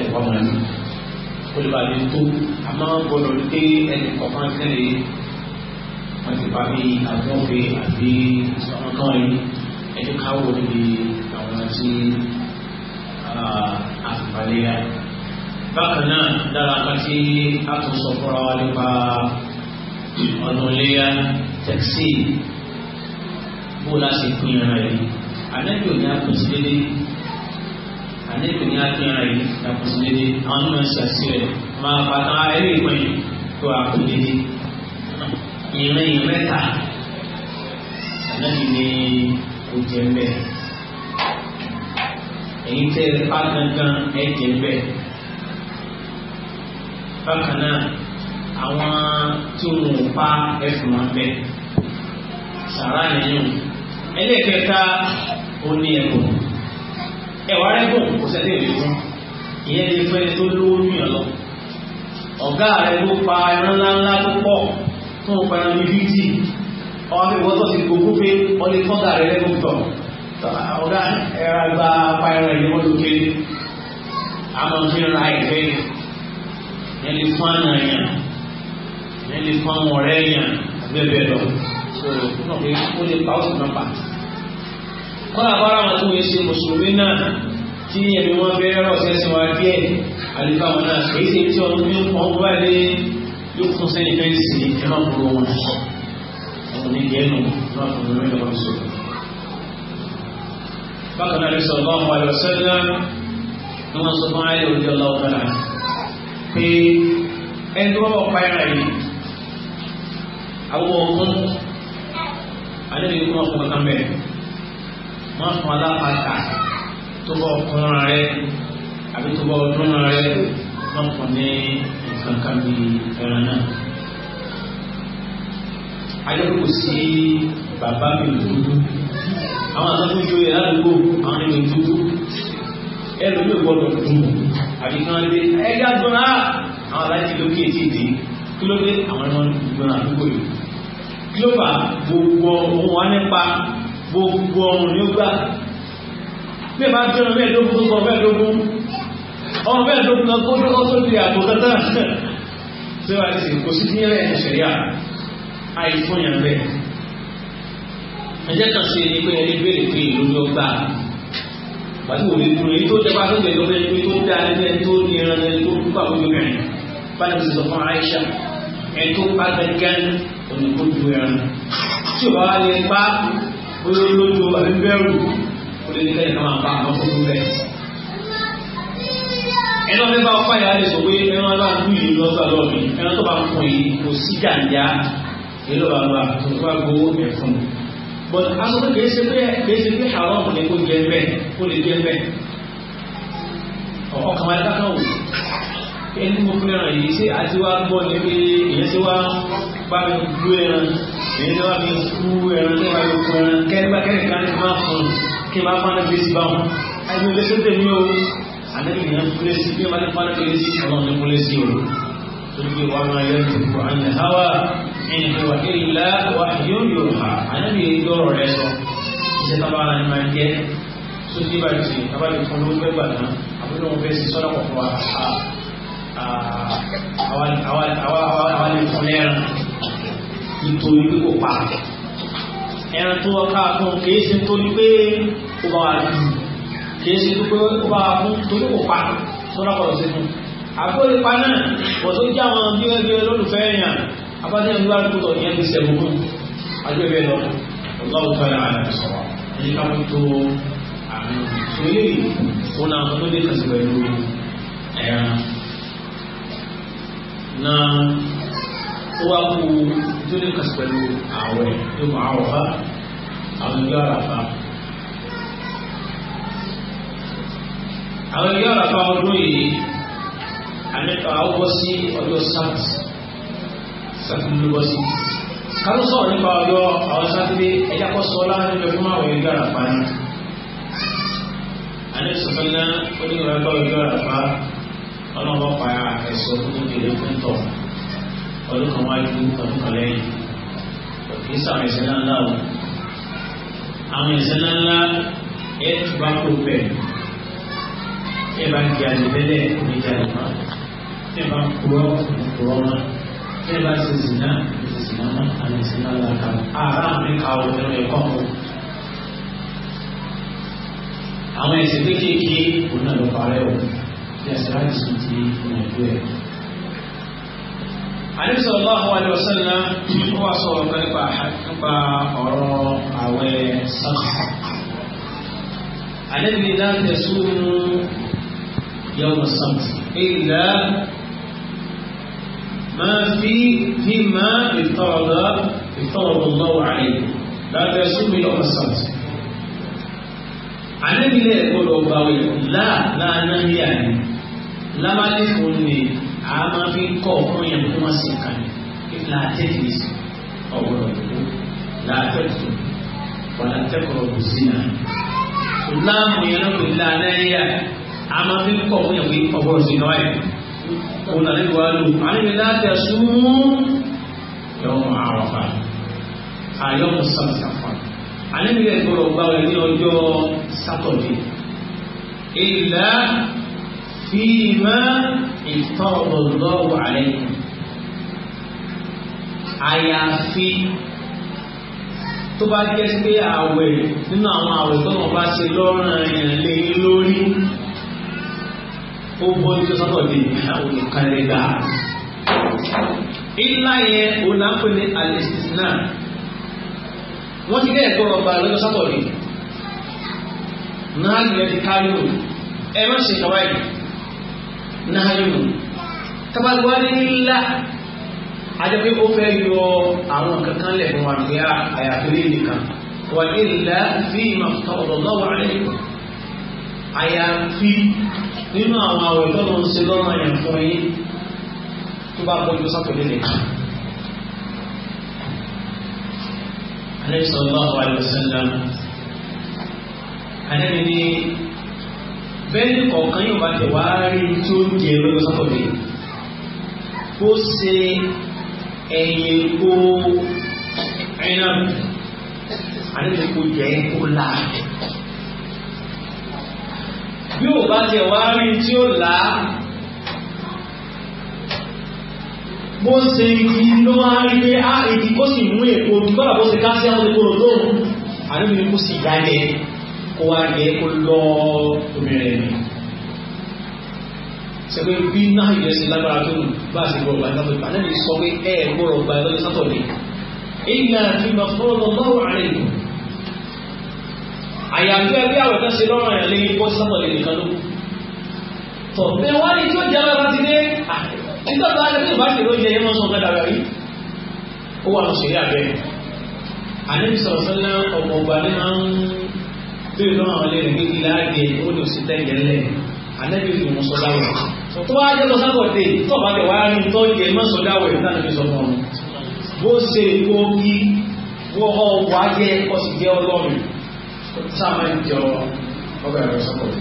bẹ́ẹ̀ kó lè ba lè tó àmọ́ gbọ́dọ̀ ní pé ẹnì kọ̀ọ̀kan tẹ̀lé wọ́n ti pa bí àgbọ̀nfẹ́ àbí àwọn kan yìí ẹni ká wọ níbi àwọn tí àfìbalẹ̀ yá. bákan náà dára kan tí a tún sọ fúnra wa nípa ọ̀nà ìléyà tẹ̀sí bó láti pín ara yìí. àdẹ́bí ní a àdéhùn ní akíyanra yìí yàtọ̀ sí dédé àwọn náà ṣe àṣìṣe máa pàtó ayé ìpín yìí tó àpò dédé ìrìn ìrìn mẹ́ta ànábì ní oúnjẹ ń bẹ èyí tẹ pa gangan ẹjẹ ń bẹ bákan náà àwọn tí wọn pa ẹfun wọn sàrà nìyẹn ẹlẹ́kẹta ó ní ẹ̀kọ́ ẹwà rẹ́gùn kò sẹ́lẹ̀ lè fún ìyẹn lè fún ẹni tó lówó yàn lọ ọ̀gá rẹ ló pa ẹran ńláńlá tó pọ̀ tó ń pẹran ní bíìtì ọmọ mi wọ́n tó ti gbogbo pé wọ́n lè tọ́gà rẹ lẹ́gùn tọ̀ ọ̀gá ẹ̀rọ àgbà pa ẹran ìlú wọn lókè àmọ́ fi ra ẹ̀fẹ́ yẹn lè fún àná yàn yẹn lè fún àwọn ọ̀rẹ́ yàn bẹ́ẹ̀ bẹ́ẹ̀ lọ ó lè pa ó sì náà pa kọ́lá fara wọn tí wọ́n ṣe mùsùlùmí náà tí ẹ̀mí wọn fẹ́ rọ̀ sẹ́sìn wa díẹ̀ àlùfáà wọn náà kì í ṣe tí wọn ní kàn wọ́n bá lé yóò fún sẹ́yìn fẹ́ sí ẹ má kúrò wọn ọmọ ní gẹ́nu má kúrò wọn lọ́wọ́ sọ. bákan náà lẹ́sọ̀ bá wọn lọ sẹ́lá ni wọ́n sọ fún ayé òde ọlọ́wọ́ náà pé ẹni tó wọ́n pa má fún alápàtà tó bọ̀ kún rẹ àbí tó bọ̀ ọdún rẹ má fún ní nǹkan kan bí ẹran náà. ayọ́kù sí bàbá mi dúdú àwọn àtọ́jú yóò yẹ ládùúgbò àwọn ènìyàn dúdú ẹnu mi ò gbọdọ̀ dùn àbí kan lé ẹgbẹ́ agbọ́nà àwọn aláìsí lókè tí ì dé kí ló dé àwọn ẹni wọn gbọ́n àdúgbò yìí kí ló fà gbogbo ohun wa nípa gbogbo ọrùn ni ó gbà bí ẹ máa ń tẹ́lọ mẹ́ẹ̀ẹ́dógún tó sọ mẹ́ẹ̀ẹ́dógún ọmọ mẹ́ẹ̀ẹ́dógún náà kó lọ́kọ́ tó di àpò tata tí wàá ti kò sí ní ẹ̀rẹ́ ìṣẹ̀yà àìfọyàn bẹ́ẹ̀ ẹjẹ́ kan sí ẹni pé ẹni béèrè pé ìlú ni ó gbà pàtó òde dúró èyí tó jẹba tó jẹ lọ́wọ́ ẹni tó dá ẹni ẹni tó ní ẹran ẹni tó kú pàkó yóò rìn báyìí ti sọ fún Aisha ẹni tó bá gbẹgẹ́ ẹni tó dúró ẹran tí ò bá wà ní ẹni bá bóyá olójú àbí bẹ́ẹ̀rù kò lè tẹ́lẹ̀ náà máa bá àwọn tó kú bẹ́ẹ̀. ẹnu ọdẹ bá ọpá ìyá rẹ sọ pé ẹnu ọdẹ bá dùn yìí lọ́sọ̀ lọ́ọ̀ mi ẹnu tó bá ń pọ̀ yìí kò sí gàǹjà èlò bàbá tó bá gbowó ẹ̀ fún mi. bọ̀d aṣọ kìí ṣe pé kìí ṣe pé haram ni kò jẹ bẹ́ẹ̀ kò lè jẹ bẹ́ẹ̀. ọkàn máa dáná wò ẹni mo fẹ́ràn yìí ṣé àti wá gbọ́ ni pé ìyẹn ti wá bá mi dúró ẹran èyí ló wà ní ikú ẹran tó wà lóko ẹran kẹ́rìbákẹ́rì kan ní máa fún kí n bá fún anábìlẹ̀ sí báwọn àìsí olè sóde mi o anábìlẹ̀ yẹn fúlẹ̀ sí bí wọ́n fún anábìlẹ̀ sí àwọn ọ̀nà fúlẹ̀ sí o torí pé wọ́n máa yẹ kó àyè háwà ẹ̀yìn pé wà kí ilá nítorí pé kò pa ẹran tó wọ́n ká fún un kìí ṣe nítorí pé ó bá wà lù kìí ṣe nítorí pé ó bá wà fún torí kò pa tó lọ́kọ̀ọ́ sí fún un. àgbóyè pa náà wọ́n tó jẹ́ àwọn bí wọ́n bí wọ́n lólùfẹ́ yàn abájá ìlú àdúgbò yẹn ti ṣẹ̀bù fún agbẹ́bẹ́ lọ ọlọ́run fẹ́ ra ẹ̀ sọ̀rọ̀ èyí ká mú tó àmì òṣèlú òun náà tó dé kàṣẹ̀ pẹ̀lú ẹ̀ràn náà ó wá kú tó ní kàṣí pẹ̀lú àwẹ̀ tó mọ àwọn ọ̀fà àwọn ìgbà àràfà. àwọn ìgbà àràfà ọdún yìí àníkà ó bọ́ sí ọjọ́ sat sátidé bọ́ sí. kálọ́ sọ̀rọ̀ nípa ọjọ́ àwọn sátidé ẹ̀yà kọ́ sọ láàrin ìjọ fún àwọn ìgbà àràfà yìí. àníkà sọ̀rọ̀ náà ó ní ìrọ̀lẹ́ ọjọ́ àràfà ọlọ́wọ́ pa ẹ̀sọ́ tó ń jèrè fún tọ̀ ọdún kan wájú ọdún kan lẹ́yìn kì í sàmì ìṣẹ́ ńláńlá o àwọn ìṣẹ́ ńláńlá ẹ̀ tó bá kó bẹ̀ ẹ̀ bá ń di àdìbẹ́lẹ̀ ní ìjàdùmá ẹ̀ bá ń kúrọ́ kúrọ́ ma ẹ̀ bá ṣe zìnà ṣe zìnà ma àmì ìṣẹ́ ńláńlá kan àrà mi kà ó lẹ́nu ẹ̀kọ́ o àwọn ìṣẹ́ kékeré òun náà lọ parẹ́ o kí ẹ̀ṣẹ̀ láti sùn ti ìrìnàjò ẹ̀ àdébí sallallahu alaihi wasallam ó wà sọ̀rọ̀ kan nípa ọ̀rọ̀ àwẹ̀ sàkà àdébí náà tẹ̀sùn yawm as-sabt illa ma fi mimma ìtọ́rọ̀dọ́ ìtọ́rọ̀dọ́ lọ́wọ́ àlejò la tẹ̀sùn yawm as-sabt àdébí lè gbọ́dọ̀ láà láà náà yà ní lámàlẹ́ fún ni a máa fi kọ́ ọ̀hún yẹn kó wọ́n sì kàn yín láàtẹ́tì ní ọ̀wọ́rọ̀ ìlú láàtẹ́tì wọ́n látẹ́kọ̀ọ́ kò sí náà. láàmù yẹn ló ń la náírà a máa fi kọ́ ọ̀hún yẹn kó ọ̀wọ́rọ̀ sí náà yẹn. òun náà níbi wá lò àní mi láàtẹ̀ súnmú yọ̀ọ́ àwọn fa àyọ̀ mọ̀ sàmùsàmù àní mi lè gbọ́dọ̀ gbáwé ní ọjọ́ sátọ̀dé ìlà fíìmá ìtọ́ọ̀lọ́wọ́ àlẹ́yìn àyàfi tó bá jẹ́ pé àwẹ̀ nínú àwọn àwẹ̀ tó wọ́n bá ṣe lọ́rùn èèyàn lé lórí ó bọ́ ní sọ́tọ̀ di olùkàlẹ́gà ilá yẹn onáfẹ́ ní wọ́n ti gẹ́gẹ́ tọrọ bá lọ́jọ́ sátọ̀dì náà yẹn kárí lò ẹ má ṣe kàwáyé náàyùn tabaluwari ńlá ajẹ́pẹ́ ó fẹ́ yọ àwọn kankan lẹ̀ fún wa pé àyàfẹ́lẹ́ nìkan wà nílá fi ìmọ̀tọ́ ọ̀dọ̀lọ́wọ́ alẹ́ àyàfi nínú àwọn àwọ̀ ìtọ́nà ń ṣe lọ́nà yẹn fún yín tó bá gbọ́jú sápẹ́lẹ́ nìkan. alẹ́ sọ̀rọ̀ lọ́wọ́ àlùsẹ́ńdà alẹ́ mi ní bẹ́ẹ̀ni kọ̀ọ̀kan yóò bá tẹ̀ wá rí tí ó jẹ lọ́jọ́ sátọ̀dé bó ṣe ẹ̀yìn epo ẹ̀yìn náà àdéhùn epo jẹ́ epo là yóò bá tẹ̀ wá rí tí ó là bó ṣe igi ló máa rí pé á ah, igi kó sì mú èpo gbọ́dọ̀ bó ṣe ká sí àwọn epo lòdòdó àdéhùn epo sì dálẹ̀ kó wá rí ẹ kó lọ obìnrin ni sẹ́gbẹ́ bí náà yẹ sí lágbára tó nù bá a sì gbọ́ ọgbà ìtàkùn ìpàdé mi sọ pé ẹ gbọ́rọ̀ ọgbà ìtàkùn sátọ̀dé èyí náà fi máa fọ́ lọ lọ́wọ́ àárẹ̀ ìlú àyàfi ẹgbẹ́ àwẹ̀ kan ṣe lọ́rùn àyàn lẹ́yìn bọ́ sátọ̀dé nìkan ló tọ̀ bẹ́ẹ̀ wá ní tí ó jẹ́ lára ti dé nígbà tó á lè fi ìbáṣe ló jẹ yẹmọ́ sọ̀gbẹ́ dàgbà rí ó wà lọ́sẹ̀rí àbẹ́ àníbi sọ̀rọ̀ sọ́lá ọmọ ọgbà ní máa ń tí yóò lọ́nà ọ̀lẹ́ rẹ̀ méjì láàgẹ̀ ó ní òsì tẹ́jẹ̀ ńlẹ̀ ànẹ́bí ni mo sọ dáwọ̀ tó bá jẹ́ lọ́sàbọ̀dé tó bá jẹ́ wáyà ní tó jẹ́ mọ́ sọ dáwọ̀ ẹ̀ náà fi sọ fún ọ bó ṣe kó kí bó ọ wá jẹ́ sì jẹ́ ọlọ́run ó ti sáà máa ń jọ ọgbà ẹ̀rọ sọ́kọ̀dé.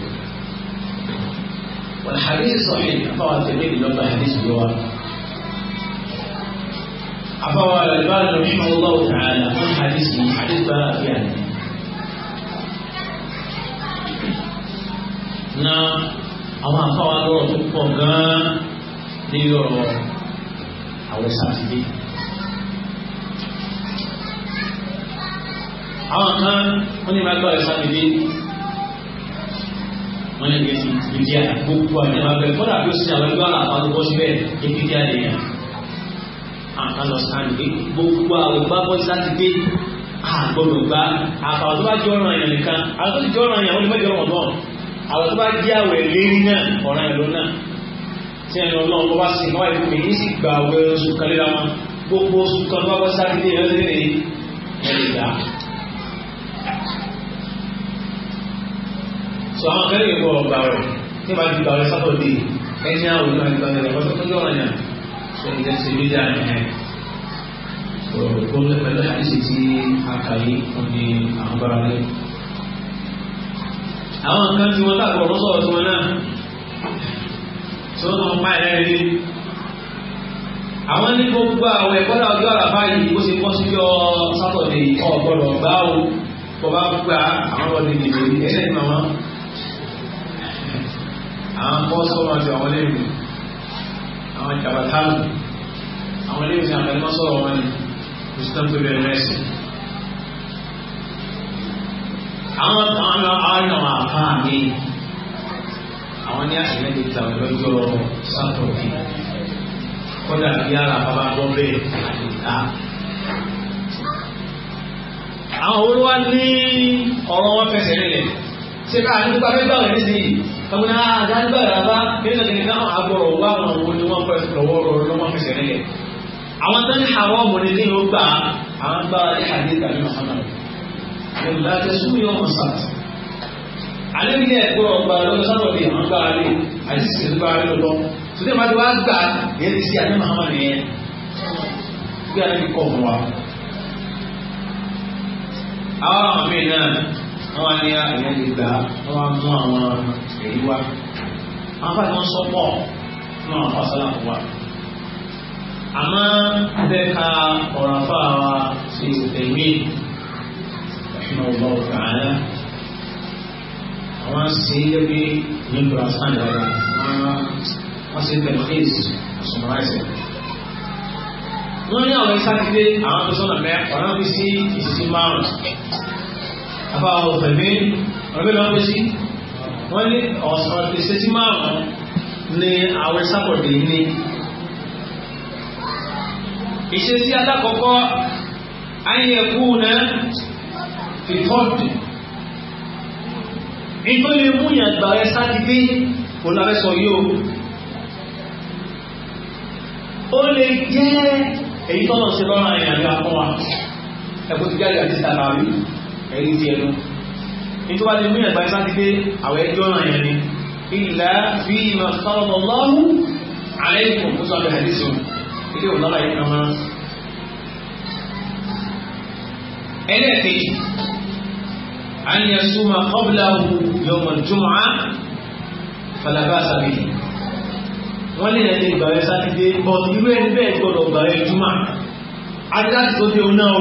wọ́n hadith sọ̀hìn afáwà tẹ̀lé ìlọ́gbà hadith yọ wa afáwà alibáàlì rahimahullah ta'ala fún hadith yìí hadith bá a fi àná na àwọn afáwa lọ́rọ̀ tó pọ̀ gan-an lérí ọ̀rọ̀ àwọn sátidé. àwọn kan wọ́n ní ìbágbọ́ ẹ̀ sátidé wọ́n lè gbèsè ìdí àyè gbogbo àyè máa bẹ̀rẹ̀ fọ́nà àbí òsì àwọn ẹgbẹ́ àwọn àbájọ bọ́ síbẹ̀ ìdí àyè yẹn. àǹkan lọ sátidé gbogbo àwọn ìgbàgbọ́ sátidé àgbọ̀dọ̀ gbá àfàwọn tó bá jọ ọ̀ràn yẹn nìkan àwọn tó ti jọ ọ̀ràn yẹn wọ́n ti ọ̀ràn náà àwọn tó bá jẹ́ àwẹ̀ lérí náà ọ̀ràn ìlú náà tí ẹnu ọlọ́run bọ́ bá sì máa wà ní ní sì gba àwẹ̀ oṣù kan léra wọn gbogbo oṣù kan bá bọ́ sátidé yẹn lé ní ẹ̀ẹ́dá. sọ àwọn akẹ́lẹ́ yìí kọ́ ọgbà rẹ̀ tí wọ́n bá ti gbà rẹ̀ sátọ̀dé ẹni àwọn náà ti gbà rẹ̀ tó yọ̀ ọ̀yàn sọ ìjẹ́ ṣe mí dáa ní ẹ̀ sọ̀rọ̀ pẹ̀lú àdìsí tí a kà yìí fún àwọn nǹkan tí wọ́n tàbí ọ̀rọ̀ sọ̀rọ̀ tí wọ́n náà tí wọ́n náà pa ẹ̀rẹ́ rí àwọn ní gbogbo àwọn ẹ̀kọ́ náà ọjọ́ àràbá yìí ó ṣe pọ́ sí yọ sátọ̀dé ọ̀gbọ̀dọ̀ gbá o kọ́ bá gba àwọn ọ̀dẹ̀ nìyẹn ní ẹsẹ̀ ní màmá àwọn kọ́ sọ̀rọ̀ àti àwọn lẹ́yìn àwọn jàbátálù àwọn lẹ́yìn ní àbẹ̀lẹ́mọ́sọ̀rọ̀ wọn ni kò sí tán tó bẹ̀rẹ̀ mẹ́sìn àwọn kan lọ àárín àwọn àfa mi àwọn ní àṣìlẹ̀ ti tà lọ́jọ́ sátọ̀dé kódà bí ara bàbá gbọ́ bẹ́ẹ̀ àyíká. àwọn olówó ní ọ̀rọ̀ wọn fẹsẹ̀ nílẹ̀ ṣé ká nípa fẹ́ gbàgbé nísìnyí tọ́gbọ́n náà àdáńgbà rárá nínú ìdílé náà agbọ̀rọ̀ wà wọn wo ni wọ́n fẹ́ lọ́wọ́ rọrùn lọ́wọ́ fẹsẹ̀ nílẹ̀ àwọn tó ní àwọn ọmọ nílé yóò àwọn gbà ní àdé tàbí mọ̀hámàdù ìgbà tẹ̀sùmí ọmọ sáàtì alẹ́bíyẹ ẹ̀kọ́ ọgbà lọ́nà sábọ̀dì àwọn gbà rí àìsí gbà rí lọ sílẹ̀ máa ti wá gbà yẹn ti sí àmì màmá nìyẹn bí alẹ́ kíkọ́ ọ̀hún wa. àwọn àwọn míì náà àwọn ní àyẹ̀ lè gbà wọ́n á mú àwọn èyí wá àwọn fàtí wọn sọ pọ̀ fún àwọn fàṣálà fún wa. àmọ́ bẹ́ẹ̀ ka ọ̀rọ̀ àfáà wa ṣe ìtẹ̀mí rahimahullah ta'ala àwọn sì ń lébi nínú asan dada wọn sì ń tẹ̀lé kéésì sọmọláìsì. wọ́n ní àwọn sátidé àwọn tó sọ̀nà mẹ́ ọ̀nà fi sí ìsísí márùn-ún àbáwọ̀ ọ̀fẹ̀mí ọ̀fẹ̀mí lọ́wọ́ fi sí wọ́n ní ọ̀sán ìsísí márùn-ún ní àwọn sátọ̀dé ní ìṣesí alákọ̀ọ́kọ́ ayẹ̀kú náà fi tọ́ọ̀dù ètò ilé mú yàn gbà rẹ sátidé kò lábẹ́ sọ yóò ó lè jẹ́ èyí tọ́nà sí lọ́rọ̀ ìrìnàjò àpọ̀ wa ẹ̀kọ́ ti jáde àti sàbàrí ẹ̀rí ti ẹnu ètò wa lè mú yàn gbà rẹ sátidé àwọn ẹjọ́ ràn yàn ni ilà fi ìmọ̀ sọ́rọ̀ lọ́rù àlẹ́kùn mú sọ́dọ̀ àdìsùn ilé òlọ́lá yìí kan máa ẹlẹ́ẹ̀kejì an yasuma qablahu yawmal jumu'a fala ba'sa bihi wọ́n lè lẹ́sẹ̀ ìgbàwẹ̀ sátidé but irú ẹni bẹ́ẹ̀ gbọ́dọ̀ gbàwẹ̀ jùmọ̀ adíláti tó dé oná o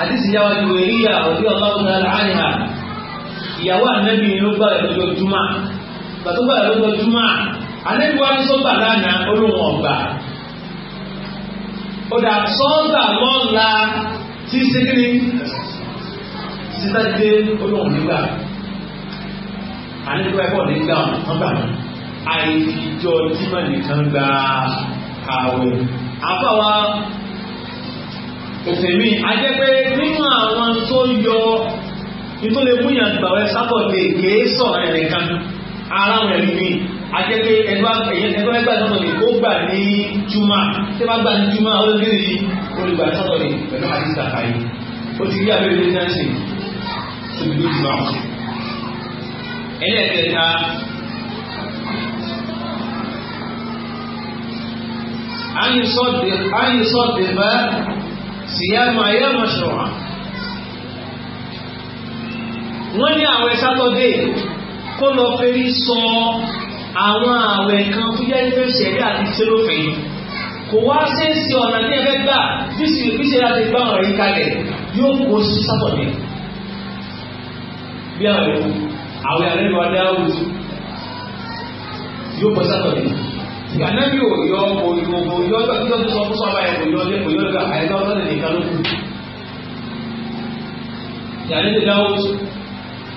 àdísì yàwá ju èyíyà òbí ọlọ́run náà láàrin hà ìyàwó ànábì ló gbàwẹ̀ lọ́jọ́ jùmọ̀ gbàtó gbàwẹ̀ lọ́jọ́ jùmọ̀ ànábì wa ní sọ́gbà lánàá olóhùn ọ̀gbà ó dà sọ́gbà lọ́la tí sẹ́kìrì sísá dé olóhùn nígbà àníkó ẹ̀kọ́ nígbà wọn gbà wọn àìsíjọ tímọ̀ nìkan gba àwẹ̀ àbáwá òfèmí ajẹ́ pé nínú àwọn tó yọ nítorí lè mú yàn gbàwẹ̀ sábọ̀ lè kéé sọ̀rọ̀ ẹ̀rẹ̀ kan ara rẹ̀ ní ajẹ́ pé ẹgbẹ́ ẹgbẹ́ ẹgbẹ́ ìtọ́tọ̀ lè kó gbà ní juma tí wọ́n gbà ní juma ó lè rí olùgbà ìtọ́tọ̀ lè pẹ̀lú àdìsàkàyè ó ti rí àbẹ̀rẹ̀ ní síbi tó ti bá wọn. ẹlẹ́ẹ̀kẹta ayin sọ́ọ̀dì bá síyáàmù ayé mọ̀ṣọ̀wà wọ́n ní àwẹ̀ sátọ́dé kó lọ fẹ́rí sọ àwọn àwẹ̀ kan tó yẹ fẹ́ ṣẹ̀rí àti tẹ́lófin kò wá ṣe é sí ọ̀nà ní ẹgbẹ́ gbà bí sì bí ṣe láti gbá ọ̀rọ̀ yìí kalẹ̀ yóò kó sí sátọ́dé bí àwẹ̀ àwẹ̀ àrẹ́lú adáwùsù yóò pọ̀ sátọ̀dẹ̀ ìgbànábí ò yọ òyìnbó yọ ọjọ́ tó sọ fún sọ́ba ẹ̀ kò yọ ọdẹ kò yọ ọdẹ àìsàn ọlọ́dẹ nìkan ló kù ìyàlẹ́dẹ̀ dáwùsù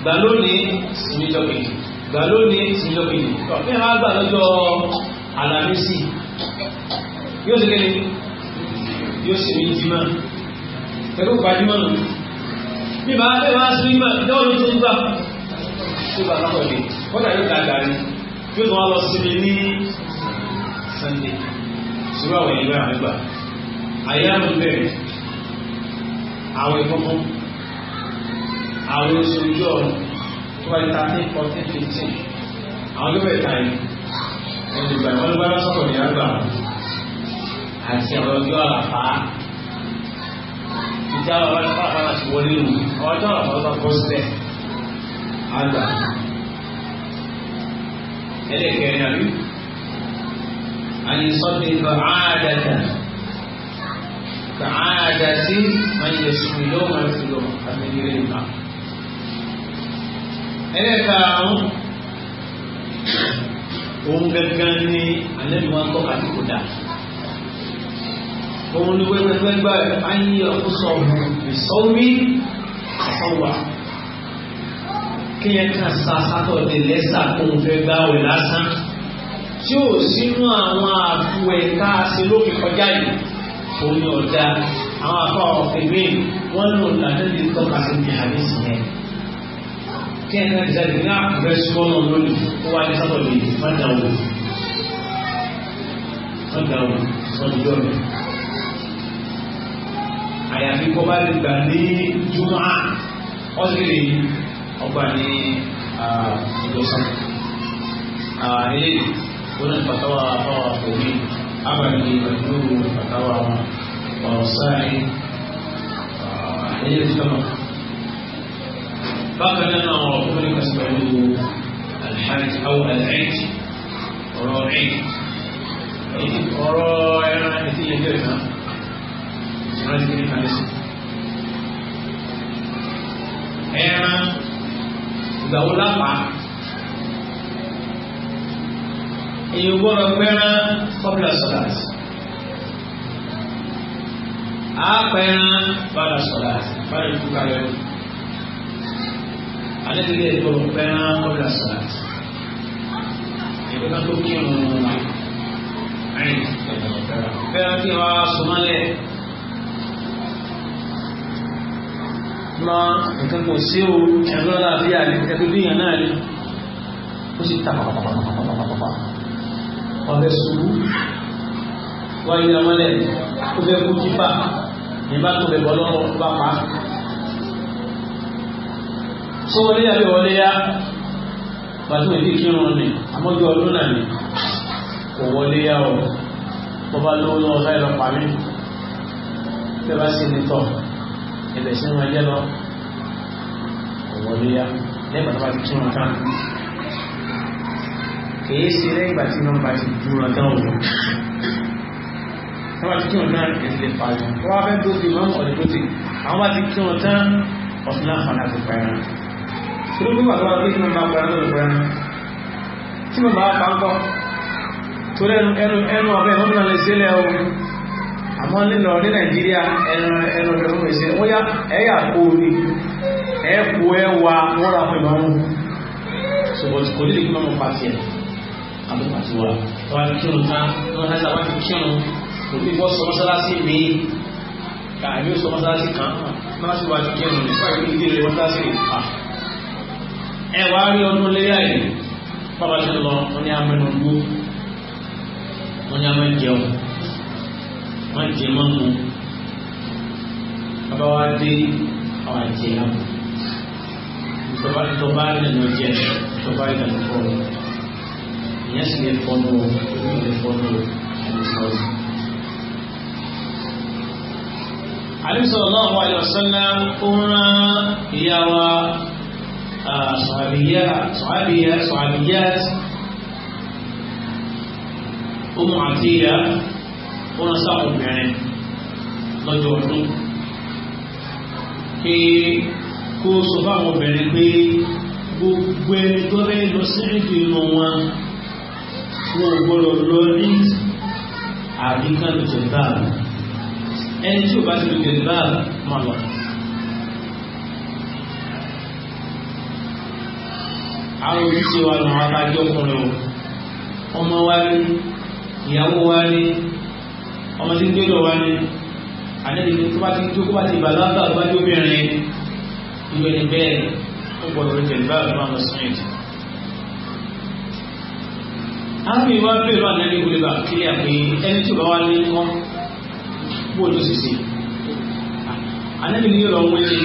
gbà lónìí sinmi jọ́kejì gbà lónìí sinmi jọ́kejì ọ̀fẹ́ ha gbà lọ́jọ́ alamisi yóò sì kéde yóò sì ní jimá ẹgbẹ́ òkú bí bá bẹ́ẹ̀ bá sí ìgbà ìdáwọ̀ ló tún gbà tó bá lọ́pọ̀ lè kọ́dà yóò dàgbà ní yóò tún wá lọ sí ní Sunday sùúrù àwọn ìlú àwọn ìgbà ayé àwọn bẹ̀rẹ̀ àwọn ìkọ́kọ́ àwọn oṣù ojú ọ̀run tó wáyé thirteen fourteen fifteen àwọn ló bẹ̀ẹ̀ ta yìí wọ́n ti gbà wọ́n ló ní àgbà àti àwọn ọjọ́ àlàfáà ìjà ọ̀rọ̀ ìfàkàrà ti wọlé nù ọjọ́ àfọwọ́sá kọ́ sílẹ̀ àgbà ẹlẹ́kẹ̀ẹ́ nàbí àyíṣọ́tì bàáàdàtà bàáàdàtì máa yẹ sùn yóò máa fi lọ àtẹ̀yẹrẹ nìkan. ẹlẹ́kàrún òun gẹ́gẹ́ ní alẹ́ mi wá tọ́ka tí dáa òun ni wẹ́wẹ́ fẹ́ gbà ayé ọ̀fúsọ̀ ìsọ́wí àfọwà kí yẹn kan sa sátọ̀dé lẹ́sà kóun fẹ́ gbà wẹ̀ lásán tí ò sínú àwọn àfúwẹ̀ tá a ṣe lókè kọjá yìí òun ni ọ̀dà àwọn afọ ọ̀fẹ̀mí wọn lò lànà lè tọ́ka sí ní àdéhùn yẹn kí yẹn kan ní àkùrẹ́ sọ́nà lónìí ó wá ní sátọ̀dé má dáwọ́ má dáwọ́ sọ́dọ̀ àyàfi kó bá lè gbà ní jùmọ̀ à wọ́n sì lè ọgbà ní ìjọsán ààrẹ wọn fatawa fáwọn àkòrí abàmì pẹ̀lú fatawa ọ̀sáì àyẹ̀yẹ̀ sọ́nà bákan náà ọ̀rọ̀ tó fẹ́ kàṣí pẹ̀lú alhaji awọn alhaji ọ̀rọ̀ ẹ̀yìn ọ̀rọ̀ ẹ̀rọ ẹ̀yìn yẹn jẹ́ náà ìrántí kiri kan lẹ́sìn. ẹran ìgbàwó lápá èyí gbọ́dọ̀ pẹ́ran popular sodas a pẹ́ran bada sodas bada ikú kalẹ̀ o alẹ́ ti lè gbọ́dọ̀ pẹ́ran popular sodas èyí kan tó kí ọ̀nà ọ̀nà ẹ̀yìn pẹ́ran kí wọ́n á sọ máa nǹkan kò sí o ẹ̀rọ láàbíyà ní ẹgbẹ́ bíyàn náà ni ó sì ta pàpàpàpàpàpàpàpà ọ̀bẹ sùúrù wáyé amọ́lẹ̀ ó fẹ́ kú jípa ìbá tó bẹ̀bọ̀ lọ́wọ́ bá pa á sọ wọlé yàrá wọlé yá gbàtúwò ìdí kírun ni àmọ́jọ ọdún o bọ́ba lówó lọ́wọ́ sáyẹ̀ lọ́pàá mi bẹ́ẹ̀ bá sì ẹ̀bẹ̀ sí wọn jẹ́ lọ ọ̀wọ́lé yá lẹ́gbàá tó bá ti túnra tán kìí ṣe lẹ́gbàá tí wọ́n bá ti túnra tán òun wọ́n bá ti túnra tán ìdílé pàjọ wọ́n bá fẹ́ tó ti mọ́ ọ̀dẹ̀ tó ti àwọn bá ti túnra tán ọ̀sán láǹfààní àti pẹ̀rẹ̀ tó ló gbígbà tó bá gbé kí wọ́n bá pẹ̀rẹ̀ lórí pẹ̀rẹ̀ tí wọ́n bá pa ń bọ̀ tó lẹ́nu ẹnu ọ̀bẹ̀ wọ́n lè ṣẹlẹ̀ ọ̀hún àmọ́ nínú ní nàìjíríà ẹran ẹran ọ̀dọ̀ fún ìṣẹ́ wọ́n yá ẹ̀yà kó ní ẹ̀kú ẹwà wọ́n ra pẹ̀lú ọ̀run ṣùgbọ́n kò ní ìpínlẹ̀ ọmọ pàṣẹ àbúpàṣẹ wa wọ́n ti kírun tán wọ́n ti sábà ti kírun kò ní bọ́ sọ mọ́sálásí mi kàbí sọ mọ́sálásí kan máa ti wà ti kírun nípa ìlú ìdílé mọ́sálásí rẹ̀ pa ẹ wàá rí ọdún léyà yìí bàbá ṣe lọ wọ́n ní amẹnu gbó wọ́n ní amẹnu jẹun wọ́n jẹ mọ́ mu bàbá wa dé àwọn àjẹ yà mọ́ tọba tọba lẹ́nu jẹ tọba lẹ́nu fọ́ ìyẹn sì lè fọ́ nù ó lè fọ́ nù ẹni sọ́ọ̀sì. Sallallahu alaihi wasallam kúnra ìyàwó sọ̀hábíyá sọ̀hábíyá sọ̀hábíyá Umu Atiyya. wọ́n sáwọn obìnrin lọ́jọ́ ọdún kí kó sọ fáwọn obìnrin pé gbogbo ẹni tó fẹ́ lọ sí ètò inú wọn wọn gbọ́dọ̀ lọ ní àbíkan lóṣù báàbù ẹni tí ò bá ti lóṣù báàbù máa lọ. àwọn ojúṣe wa làwọn abájọ ọkùnrin o ọmọ wa ni ìyàwó wa ni ọmọ tí ń gbé lọ́wọ́ ni àdéhùn ní tó bá ti tó kó bá ti bàlágà tó bá tó bẹ̀rẹ̀ irú ẹni bẹ́ẹ̀ ó gbọdọ̀ tẹ̀lé báyọ̀ máa lọ sún èdè. ábí wá bèrè wà nẹ́lẹ́ ìwé bá kílẹ̀ àpé ẹni tí ò bá wá ní kọ́ bó ló sì sè. àdéhùn ní ìrọ̀ wọlé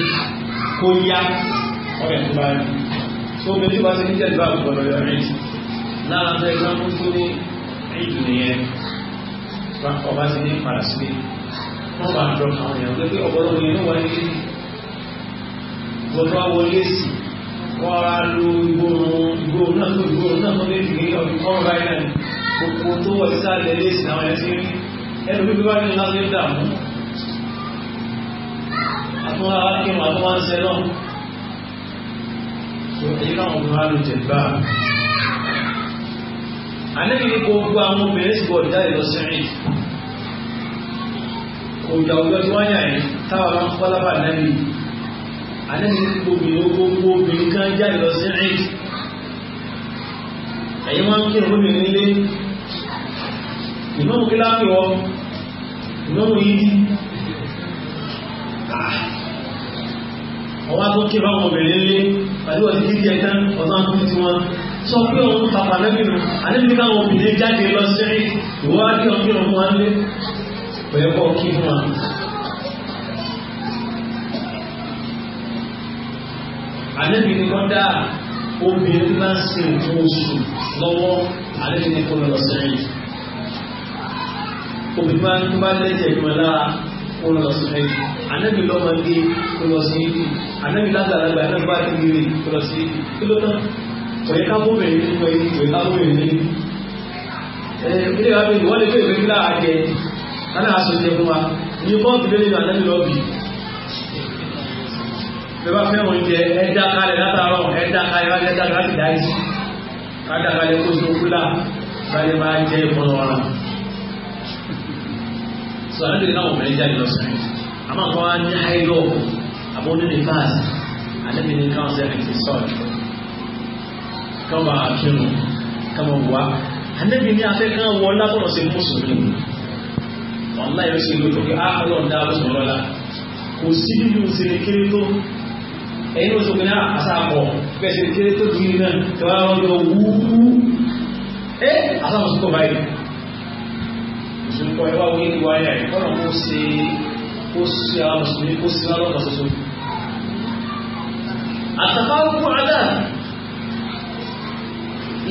kó yá ọ̀rẹ́ tó bá rí. tó o bẹ tí o bá ti ní tẹ̀lé báyọ̀ gbọdọ̀ bá ń kọ́ bá ti ní padà sílé wọ́n bá dọ̀ àwọn èèyàn pé pé ọ̀pọ̀lọpọ̀ yẹn ló wà ní kíkì gbọ́dọ̀ wọlé sí wọ́n á lo ìgbóòrùn ìgbóòrùn náà tó ìgbóòrùn náà tó lè fi ọdún kan báyìí náà gbogbo tó wọ̀ sí sáà lẹ́lẹ́ sí àwọn ẹ̀sìn rí ẹnu bí wọ́n ní láti ń dààmú àtúnwá akéwà tó wá ń sẹ́ náà tó èyí káwọn obìnrin á lo jẹ̀gbá àlẹ́ yìí gbogbo àwọn obìnrin sì gbọ́dọ̀ jáde lọ sí rìn òjà òjò tí wọ́n yà yìí táwa máa ń kọ́ lábà lẹ́nu àdéhùn ní obìnrin gbogbo obìnrin kan jáde lọ sí rìn ẹ̀yin wọ́n ń kírun obìnrin nílé ìmọ̀mù kí láàpì wọ ìmọ̀mù yìí dí ah. ọwá tó kí bá wọn obìnrin nílé pàdé wọ́n ti dídí ẹ̀tàn ọ̀sán tó ti wọn sọ pé òun pàpà lẹ́bìnrin obìnrin jáde lọ sí rìn ìwọ́n á kí ọkùnrin kò yẹ kó kí fún wa. àlejò ni wọ́n dá obìnrin náà ṣe nǹkan oṣù lọ́wọ́ àlejò ni kò lọ sẹ́yìn. obìnrin máa ń bá lẹ́jẹ̀ ìmọ̀ lára kó lọ sẹ́yìn. àlejò lọ́mọ gé kó lọ sí ibi àlejò lágbàlagbà náà bá ti gbére kó lọ sí ibi kí ló tán. kò yẹ ká bóbìnrin nínú ẹni kò yẹ ká bóbìnrin nínú. ẹ ẹ ilé wa bí wọ́n lè gbé ìwé ńlá àjẹ kánà aṣọ jẹ fún wa ní bọ́ọ̀kì lórí ìlú àdáni lọ́ọ̀bì bẹ́ẹ̀ bá fẹ́ wọn jẹ ẹja e kalẹ̀ látàárọ̀ ẹja e kalẹ̀ wájú ẹja kalẹ̀ láti dáì kájà kalẹ̀ kó so kúlà kalẹ̀ máa jẹ ìfọ̀nà ọ̀ràn sọ àdúgbò náà wọ̀n mẹ́rin jáde lọ́sàn àmọ́ àwọn wa ní àìlọ́ àbọ̀ onílé fáàsì àdébí ní káwọn sẹ́ àti sọ́ọ̀tù káwọn bá a kírun káwọn wá àdébí ní afẹ́ káwọn wọ lábọ̀rọ̀ sí mùsùlùmí wọn láì ó sì ń lò tó kí á ọlọ́run dá lóṣù lọ́la kò sí nínú ìṣẹ̀lẹ̀ kéré tó ẹ̀yin ló sọ̀kẹ́ náà ah, àṣàpọ̀ bẹ́ẹ̀ ṣe kéré tó dùn yìí náà tó wá wọn lọ wúwú ẹ́ àṣàpọ̀ sọ́kọ̀ báyìí ìṣòkọ̀ ẹ wá wọlé ìwà ẹ̀ kọ́nà kó ṣe kó ṣe àwọn mùsùlùmí kó ṣe wọn lọ́kàn ṣoṣo. àtàkọ́ àdá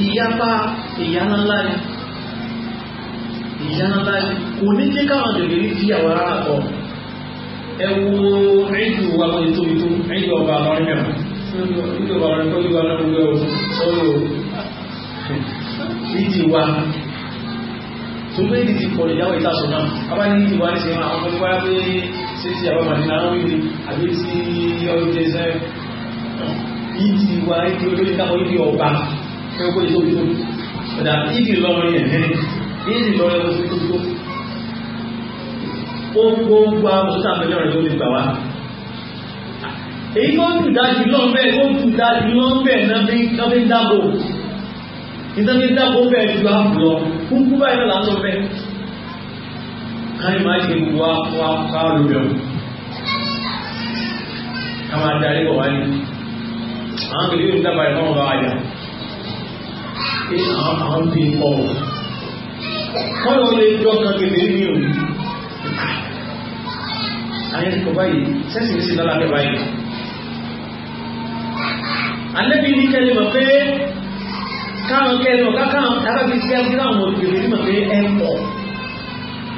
ìyapa ìyá ńlá ni ìyáńlá kò ní jẹ́ káwọn bèbè rí fi àwọn ará kọ ẹ wo ẹ̀dùn wa kò ní tóbi tó ẹ̀dùn ọba àwọn ọ̀rẹ́ mẹ́wàá ẹ̀dùn ọba ọ̀rẹ́ kọ́jú ọ̀rẹ́ gbogbo ẹ̀wọ̀ sọ́rọ̀ ìdí wa tó gbé ìdí ti pọ̀ níyàwó ìtàṣọ náà bàbá ní ìdí wa ní sinimá àwọn ọmọdé wáyé pé ṣé ti àwọn màdínà àwọn ìdí àbí ti ọjọ́ ìṣẹ́ ìdí wa ìdí olóyè káwọn ìdí ọba ẹ̀wọ̀ kò ní tóbi tó ọ̀dà ìdí lọ́rin ẹ̀hẹ́n ìrì lọ́rẹ́ lọ sí gbogbo gbogbo gbogbo amòsútà mẹ́lẹ́ ọ̀rẹ́ ló lè gbà wá èyí tó dùn dájú lọ́n bẹ́ẹ̀ tó dùn dájú lọ́n bẹ́ẹ̀ náà fi ń dábò nítorí fi ń dábò bẹ́ẹ̀ ju àpò lọ kúkú báyìí náà lásán bẹ́ẹ̀ káyọ̀ máa ṣe wá wá ká lórí ọ̀hún ká máa darí bọ̀ wá àwọn kìlí yóò dábàá bá wà àwọn àwọn bí ń pọ̀ wọ̀ wọ́n lọ lè jọ kan kèdè ní òní ayé ti kọ báyìí sẹ́sì ní sí lọ́la bẹ́ẹ̀ báyìí alẹ́bí ní kẹ́lẹ́ mọ̀ pé káwọn kẹ́lẹ́ mọ̀ káwọn arábí sí ẹgbẹ́ àwọn òkèèrè ní mọ̀ pé ẹ pọ̀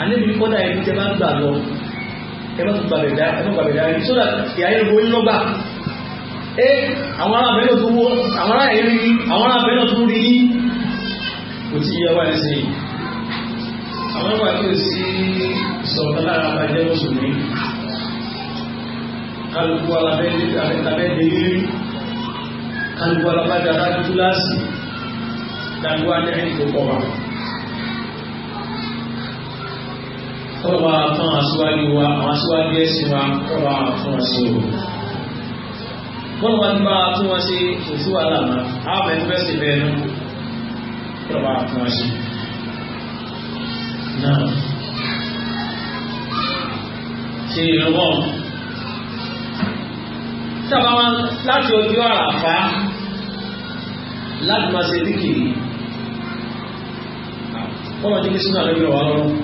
alẹ́bí kọ́dà ẹni tẹ́ bá gbà lọ ẹ bá tún gbàgbẹ̀ dá ẹ bá gbàgbẹ̀ dá rí sódà ìyá yẹn wo lọ́gbà ẹ àwọn ará abẹ́rẹ́ tó wọ àwọn ará ẹ̀rí àwọn ará abẹ́rẹ́ kò tí yẹ wá ẹ̀ sẹ́yìn àwọn ọmọ kí o sí sọ̀rọ̀ lára bàjẹ́ mùsùlùmí kálukú alábẹ́dẹ́ rírí kálukú alábẹ́dẹ́ alájú láàsì kálukú alábẹ́dẹ́ tó pọ̀ wá. kọ́ba fún aṣíwájú wa àwọn aṣíwájú ẹ̀sìn wa kọ́ba fún aṣíwájú wa. bọ́lá wa a tún wọn ṣe òṣùwà lànà àwọn ẹgbẹ́ sì bẹ́ẹ̀ náà kọ́ba fún aṣíwájú náà ṣe ìrànwọ́ sábà wọn láti ojú àràfá láti máa ṣe díkìrì kọ́mọ jẹ́ kí súnà lórí ọ̀wá lọ́rùn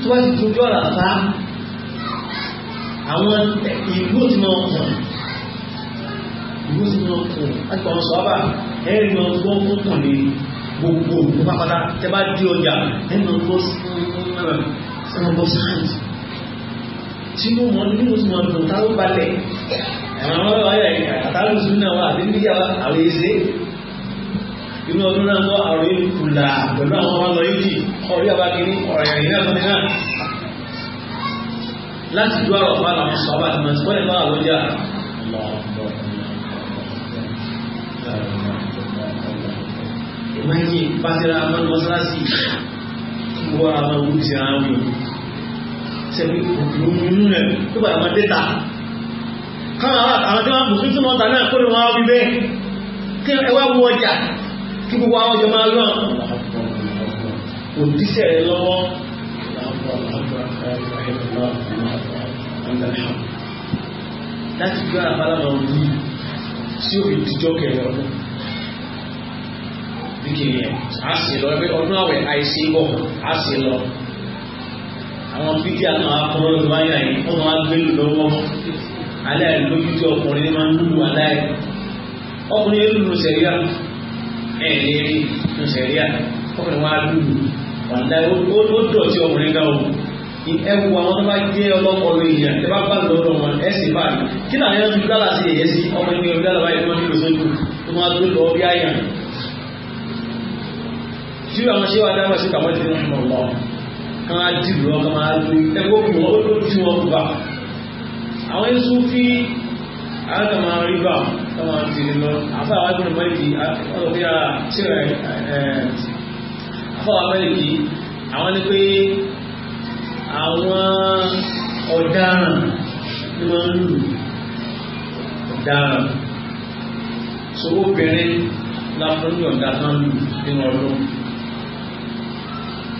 tó bá ti dojú àràfá àwọn ìlú tí wọ́n kàn ìlú tí wọ́n kàn láti pa àwọn sọ́ọ́bà ẹ̀rí wọn fún kàn gbogbo pápátá tẹ bá dé ọjà ẹnu gbó sínú gbó sáàjì tí mo mọ nínú tí mo dùn táwọn balẹ̀ àwọn ọmọ ọyọ àtàlù sínú náà wà àti níyà àwọn èsè inú ọdún náà wọ àwọn olùkùlà pẹ̀lú àwọn ọmọ lọ yìí ini, orang yang ini, náà fún náà láti dúró àwọn ọba àwọn sọ àbá àti mọ̀tí wọ́n lè ìmáyé pàtẹ́ra mọ́sálásì wọ́n ara wọn wúti ara wọn sẹ́ni òkú nínú rẹ̀ tó bá àwọn dẹ́ta káwọn àwọn tí wọ́n mú sí tí wọ́n ta náà kó lè wọ́n wí bẹ́ẹ̀ kí ẹ wá wú ọjà kí gbogbo àwọn ọjà máa lọ òdíṣẹ́ rẹ̀ lọ́wọ́ láti gbé àbálàmọ̀ yìí tí ó fi dijọ́ kẹrẹ ọdún zikiri yẹn a sì lọ ẹgbẹ́ ọdún àwẹ̀ àìsí bọ̀ a sì lọ àwọn bíbí àtàwọn akọrọ ló máa ń yà yìí wọn máa gbé lù lọ́wọ́ aláìlójú tí ọkùnrin ní máa ń lùlù aláì ọkùnrin yẹn lùlù sẹríà ẹ lérí lù sẹríà ọkùnrin wa lùlù wàlá ó dọ̀tí ọkùnrin gan o ẹwù àwọn tó bá jẹ ọlọ́pọlọ èèyàn tẹ bá bá lọ́dọ̀ wọn ẹ sì bá yìí kí làwọn yẹn ń dúdú àlàsì yẹyẹ ọmọ ìgbìyànjú àlàbáyé tó máa tó máa dúró lọ bí àyàn tí àwọn ṣe wà dáhùn sí kàmọ́ ìdílé ọmọ ọmọ kan á dìbò wọn kan máa lo ẹgbẹ́ òkú wọn ó lójú wọn gbà àwọn èso fi alákàmọ́ rìbá kan máa ti rí lọ afọ àwọn agbóhùn mẹ́lìkì ọ̀rọ̀ bí ara ṣe rẹ̀ afọ àwọn ni pé àwọn ọ̀daràn ni wọ́n ń lù ọ̀daràn so obìnrin la fún ní lù nínú ọdún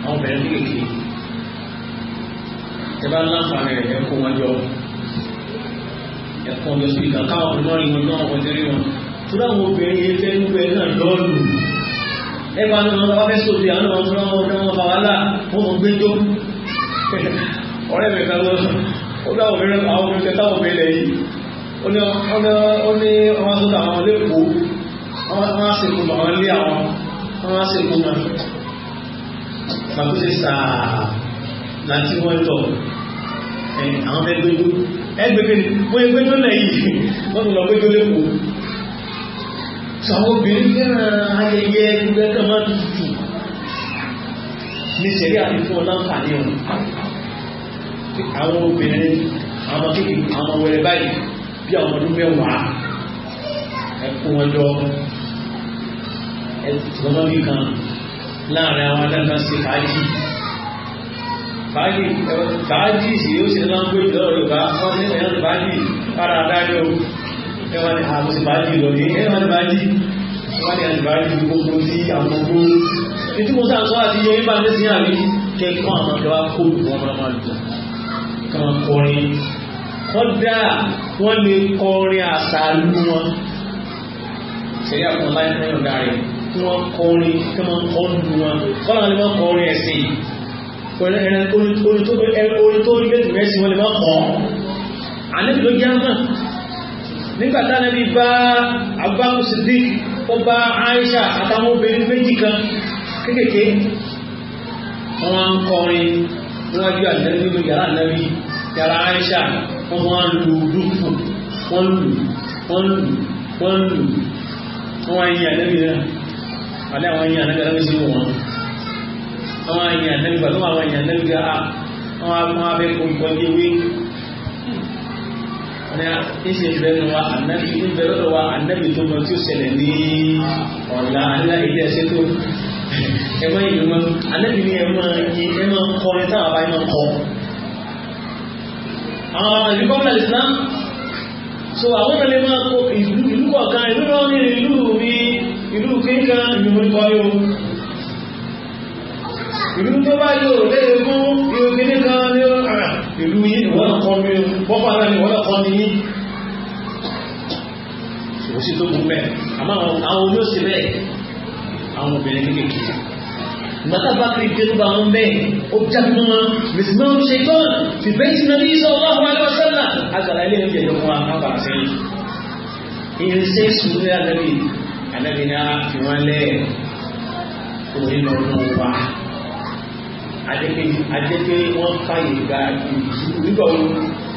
àwọn bẹ̀rẹ̀ ní èké ẹ bá láǹfààní rẹ̀ ẹ̀kọ́ wọn jọ ẹ̀kọ́ lọ sí ìkàkà ọkùnrin wọn náà wọ́n tẹ́lẹ̀ wọn tó láwọn obìnrin yẹn fẹ́ ń gbẹ náà lọ́ọ̀lù ẹ bá ní wọn bá fẹ́ sóde àwọn ọmọ tó wọn náà wọn bá wà lá wọn mọ̀ gbé jó ọ̀rẹ́ mi kan lọ ó dá obìnrin àwọn obìnrin kẹta obìnrin lẹ̀ yìí ó ní ọmọ sọ́dọ̀ àwọn lẹ́kọ̀ọ́ wọ́n á sì kú àwọn ilé àwọn wọ́n á sì kú pàtó ṣe sàá láti wọ́n tọ̀ àwọn ẹgbẹ́gbẹ́jú ẹgbẹ́gbẹ́ wọ́n ẹgbẹ́jú lẹ́yìn wọ́n tún lọ gbẹ́jú lẹ́kọ̀ọ́ sọ àwọn obìnrin fẹ́ràn ayẹyẹ ẹgbẹ́ kan máa tutù ní sẹ̀rí àfikún ọláǹfààní ọ̀hún àwọn obìnrin àwọn kékeré àwọn wẹ̀rẹ̀ báyìí bí àwọn ọdún mẹ́wàá ẹkún ọjọ́ ẹ̀sìn tí wọ́n bá láàrin àwọn adájọ́ sí fàájì fàájì fàájì sì yóò ṣe lọ́n gbé ìlọ́rọ̀ yorùbá wọ́n ní ẹ̀yàn ti fàájì fara adájọ́ ẹwà ni àwọn ti fàájì lọ ní ẹwà ni fàájì ẹwà ni àti fàájì gbogbo sí àwọn gbogbo ètí mo sáà sọ àti yẹ nípa ní sin àrí kẹ́kọ̀ọ́ àwọn akẹ́wà kó wọn máa máa lò kàn kọrin kọ́dà wọ́n lè kọrin àṣà lù wọn ṣẹ̀yà kan láì fẹ́ràn dáre tí wọ́n kọ orin tí wọ́n kọ́ lù wọn fọ́nà lè máa kọ orin ẹ̀sìn pẹ̀lú ẹran orin tó rí lẹ́tù rẹ̀ sí wọ́n lè máa kọ́ àníbi ló jẹ́ mọ̀ nígbà bá Abubakar Aisha àtàwọn obìnrin méjì kan kéékèèké wọ́n ń kọrin níwájú àtẹ́lẹ́ nínú yàrá ànábì yàrá Aisha wọ́n máa ń lu dúkù wọ́n lù wọ́n lù wọ́n alẹ́ àwọn èèyàn náà lọ́wọ́ sí wọn àwọn èèyàn náà gbà tó àwọn èèyàn náà gbà àwọn àwọn abẹ́ kọ̀ọ̀kan ní wí ah, ní ìṣe ìbẹ̀rù wa ànábì ìbẹ̀rù lọ́dọ̀ wa ànábì tó mọ tí ó ṣẹlẹ̀ ní ọ̀la àná ilé ẹsẹ̀ tó ẹ̀mọ́ ìlú mọ́ ànábì ní ẹ̀mọ́ yí ẹ̀mọ́ kọ́ ní táwọn àbáyé máa kọ́ àwọn ìlú kọ́mọ̀ so àwọn ọmọ ilé máa kó ìlú kọ̀ọ̀kan ìlú náà ní ìlú mi ìlú kíníkà ìmúlùkọ yóò ìlú tó bá yóò léèrè fún ìlú kíníkà ní ọ̀rà ah, ìlú yìí ni wọ́n kọ́ ní pọ́pọ́ náà ni wọ́n kọ́ ní yìí kò sí tó kún bẹ́ẹ̀ àmọ́ àwọn olóòsè bẹ́ẹ̀ àwọn obìnrin kékeré gbàtà bá kiri pé nígbà wọn bẹ́ẹ̀ ó jágun wọn bìsímọ́ ń ṣe tán fìbẹ́ntì náà bí sọ ọlọ́run alẹ́wọ̀sẹ́là àgbàlá ilé ìjẹ̀dọ̀ wọn àbàṣẹ́yìn irinṣẹ́ sùúrù ní àgbẹ̀bí ànábi ní àfiwọ́nlẹ̀ kúrò nínú ọdún wa adéke wọ́n fàyè gba ìjú nígbà wo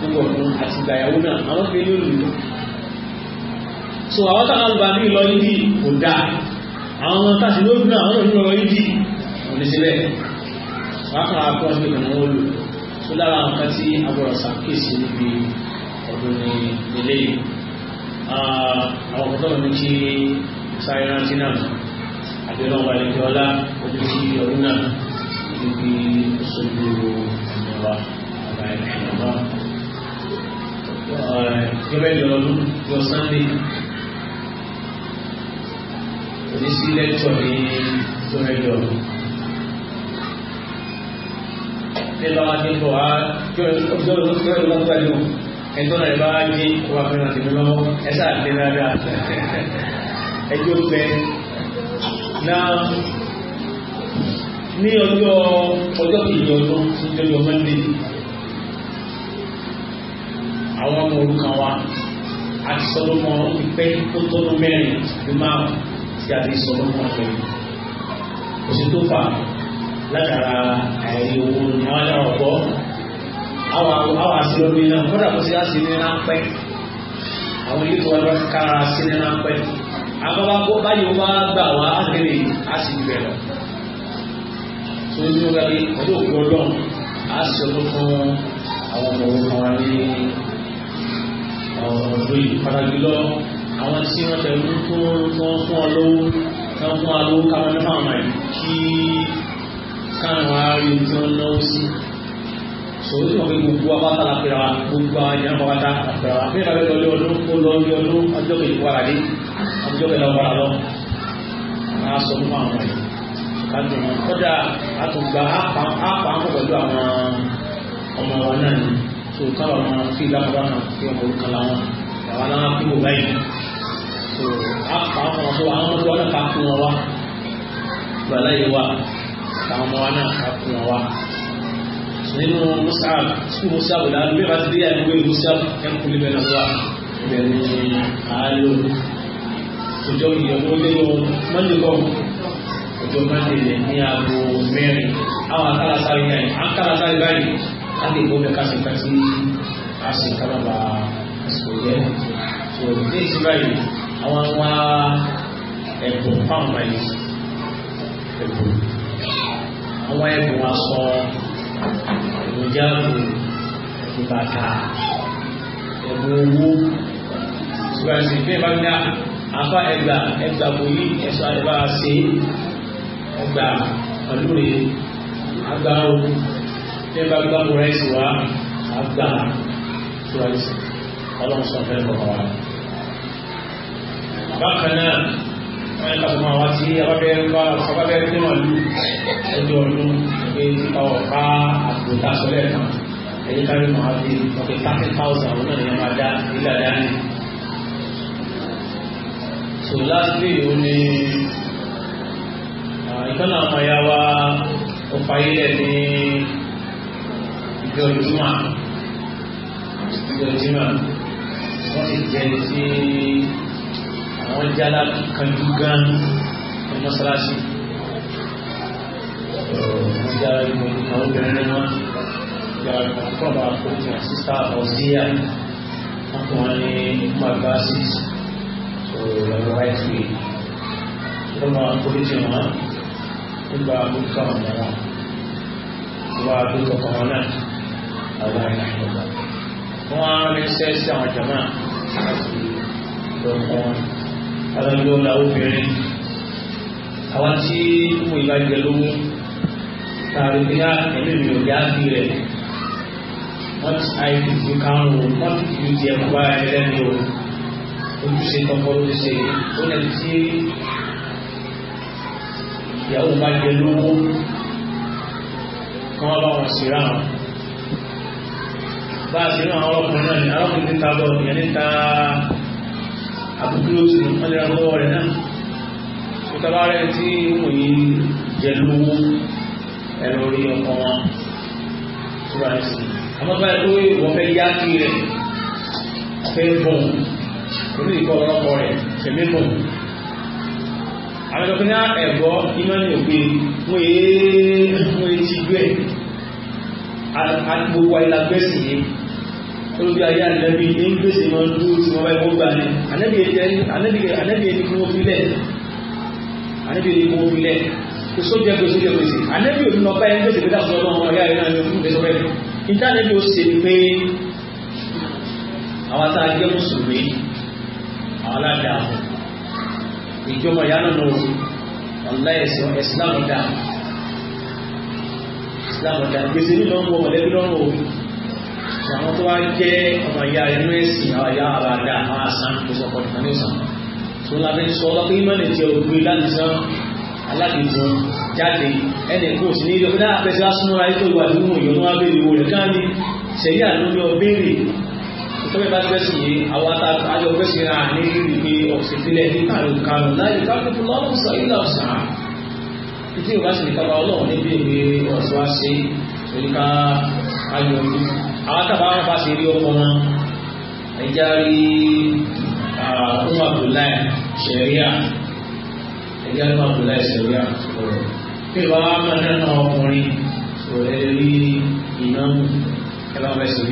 nígbà ọdún àti ìgbà ìyàwó náà àwọn fi ní òlùlù so àwọn táwọn alùpàdé lọ yídì kò dáa àwọn ọmọ táṣì lóbi náà àwọn òní lọ yídì kò ní síbẹ̀ wọ́n kàn á kọ́ ọ́ sí ìgbà wọn lò so lára àwọn kan tí agbọ̀rọ̀ sàkíyèsí níbi ọdún ní eléyìí ah, àwọn ọ̀pọ̀ tó ń ní kí sáré rántí náà àbẹ̀rẹ̀ ọba ìlẹ̀kẹ́ ọlá ojú sí ọdún náà níbi ìṣojú ìjọba ọba ìlẹ̀kẹ́ ọlá. gẹ́gẹ́ bí ọdún yọ sáńdé oníṣí lẹ́tọ̀ ní tọ́mẹ́jọ. nígbà wá dín bọ̀ á kí ọjọ́ ìlú pẹ̀lú ẹ̀tọ́ náà bá dín wà fẹ́ràn tèmi lọ́wọ́ ẹ sáà dín dáadáa ẹjọ́ bẹ náà ní ọjọ́ ọjọ́ kejì ọdún tí lọ́jọ́ mọ́ndé àwọn ọmọ òrukàn wa àti sọlọ́mọ ìpẹ́ tó tọ́nu mẹ́rin ló máa ti àti sọlọ́mọ ọ̀fẹ́ kò sí tó fà ládàra àìrí owó ní àwọn àdára ọ̀pọ̀ àwọn àṣìlọ́mí náà kódà kò sí àṣìlọ́mí náà pẹ́ àwọn ilé ìtura kára sílẹ̀ náà pẹ́ àwọn bá kó báyìí wọ́n bá gbà wá àgbèrè á sì bẹ̀rẹ̀ tó ní wọ́n gbàgbé ọdún òkú ọlọ́run á sì ọdún fún àwọn ọmọ òun àwọn ní ọdún yìí pàtàkì lọ àwọn tí wọ́n tẹ̀lé tó tó fún ọ lówó tó fún ọ lówó káwọn náà máa kí káwọn á tí wọ́n náwó sí òun tí wọn fi gbogbo apáta la pèrè wa gbogbo àwọn ènìyàn kọ pátá la pèrè wa bí ìbáwí lọlé ọdún kó lọlé ọdún ọjọ́ kejì kó ara dé ọjọ́ kejì lọ́wọ́ ara lọ máa sọ fún àwọn ọmọ yìí kájú wọn kọjá àtùgbà àpà àpà pẹ̀lú àwọn ọmọ wa náà ni tó káwọn ọmọ fi ìdákọ̀dá náà fi ọmọ orúkọ làwọn àwọn náà fi wò báyìí tó àpà ọmọ tó àwọn ọmọ tó wọn náà ká fún wọn wá gbàlá yìí wá àwọn ọmọ wa náà ká nínú musab tí musab láàrín bí wọ́n ti dé àìmọ́ pé musab ẹkùnlé bẹ̀rẹ̀ wà bẹ̀rẹ̀ àálò ọjọ́ ìyẹ̀wò nínú mọ́ndìkọ́ ọjọ́ mọ́ndìlẹ̀ ní aago mẹ́rin àwọn akálásáré náà akálásáré báyìí á lè gbọ́ mẹ́ka sí ká sí àṣekálábà àsìkò yẹn tó ní ìsìláyìí àwọn wá ẹ̀bùn fáwọn báyìí ẹ̀bùn àwọn ẹ̀bùn aṣọ ìjáàbò àti bàtà ẹ̀bùn owó ṣùgbọ́n ìpín bá ní afá ẹgbà ẹgbà wòlí ẹ̀sọ́ àdébá ṣe ẹgbà ọlúre agbá o tẹ́ bá gbá mọ́ra ẹ̀sì wá ṣùgbọ́n ọlọ́run sọ fẹ́ bọ̀ wá. bákan náà lásìmọ́ àwọn tí ọlọ́bẹ̀ẹ́ bá sọ́bàbẹ̀ẹ́ tí wọ́n lù ẹjọ́ ọdún pé títa ọ̀pá àgbòtà sọ́lẹ̀ kan ẹ̀yìn kárí mọ́ á fi ọ̀pẹ̀ thirty thousand ọ̀nà ìyẹn máa dá nígbà so last day ó ní ìkànnà ọmọ ya wa ọ̀pá ilẹ̀ ní ìjọ ìjùmọ̀ ìjọ ìjùmọ̀ wọ́n sì jẹ́ sí àwọn jálá kanjú gan ní mọ́sálásí wọ́n jára ní àwọn obìnrin náà jára ní àwọn kọ́ọ̀bà àkókò àti sáà ọ̀síyà wọ́n fún wọn ní magasis ọ̀rọ̀ láìpẹ́ wọ́n máa kórìtì wọn nígbà àbúkà wọn náà wọ́n àbúkà alájọ làwọn obìnrin àwọn tí wọn ìbá jẹ lówó tààrí bí a ẹni mi ò yá sí rẹ wọn ti àìsí ti kàn wò wọn ti fi ti ẹkọ bá ẹ lẹni o ojúṣe tọkọ ojúṣe ó lẹ tí ìyàwó bá jẹ lówó kí wọn bá wọn sí ra wọn bá a sì ní àwọn ọkùnrin náà ní àwọn ta bọ ìyẹn ní àbúkúlóòsì wọ́n lè ra lọ́wọ́ rẹ̀ náà tó tábà rẹ̀ tí wọ́n yìí jẹ lówó ẹ̀rọ orí ọkọ̀ wọn tó rà ní sí àmọ́ báyìí pé wọ́n fẹ́ yá kí rẹ̀ fẹ́ bọ̀ orí ìkọ́ ọ̀rọ̀kọ̀ rẹ̀ tẹ̀mí bọ̀ àwọn ẹ̀dọ́kọ́ ní ẹ̀bọ́ ìmọ̀ni òpè wọ́n èé e, wọ́n èé e ti gbé àgbò wa ìlàgbẹ́sì yìí olóbi ayé ànábì ní gbèsè wọn dúró tí wọn bá yẹ kó gbà ní ànábì ẹni kí wọn fi lẹ ànábì ẹni kí wọn fi lẹ kò sójà gbèsè jẹ gbèsè ànábì òun lọ bá yẹn gbèsè gbèsè àtúntò ọmọ ọmọ ìyá rẹ náà ní ọdún gbèsè rẹ níta ànábì ó ṣe pé àwọn tá a jẹ mùsùlùmí àwọn aládàá ìjọba ìyá náà lọ ọ̀la ẹ̀sìn ẹ̀sìn láwọn dáa ìsìlámù dáa gbèsè nínú ọmọ mọ̀lẹ́bí lọ́rùn òun àwọn tó wá jẹ́ ọmọ ìyá rẹ̀ ní ẹ̀sìn àwọn ìyá ara rẹ̀ àwọn àṣàn tó sọ pọ̀jù kan ní sàn tó lábẹ́ sọ ọlọ́pẹ́ ìmọ̀lẹ̀ tí ó gbé láti sàn alágbèjọ jáde ẹnì kó sí ní ilé ọ̀pẹ́ náà ah, pẹ̀sẹ̀ asúnmọ́ra ètò ìwà ìlú ìyọ̀nù abẹ́rẹ́ ìwò rẹ̀ káàní sẹ̀yí àlóyọ béèrè ìtọ́jú bá ti bẹ́sì yìí àwọn àjọ bẹ́sì ra ní ìrìn pé ọ̀sẹ̀ sílẹ̀ ní kàrún kàrún ayọ̀jú àwọn tàbá wọn bá ṣe rí ọkọ wọn ẹja rí ọmọ abdullahi sẹríà ẹja rí ọmọ abdullahi sẹríà sọ̀rọ̀ pé ìwà máa nánà ọkùnrin sọ̀rọ̀ ẹ rí iná ẹ bá fẹ́ sí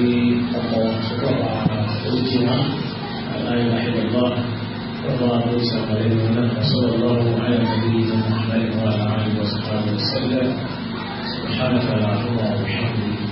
ọkọ̀ sọ̀rọ̀ bá ojú wọn aláìlá ìlọ́lọ́ ọ̀rọ̀ àbúrò sàmàlẹ́ ìwọ̀n sọ̀rọ̀ lọ́rùn ayọ̀jú ìlú muhammed wà láàrin wọ́n sọ̀rọ̀ sẹ́lẹ̀ سبحانك اللهم وبحمدك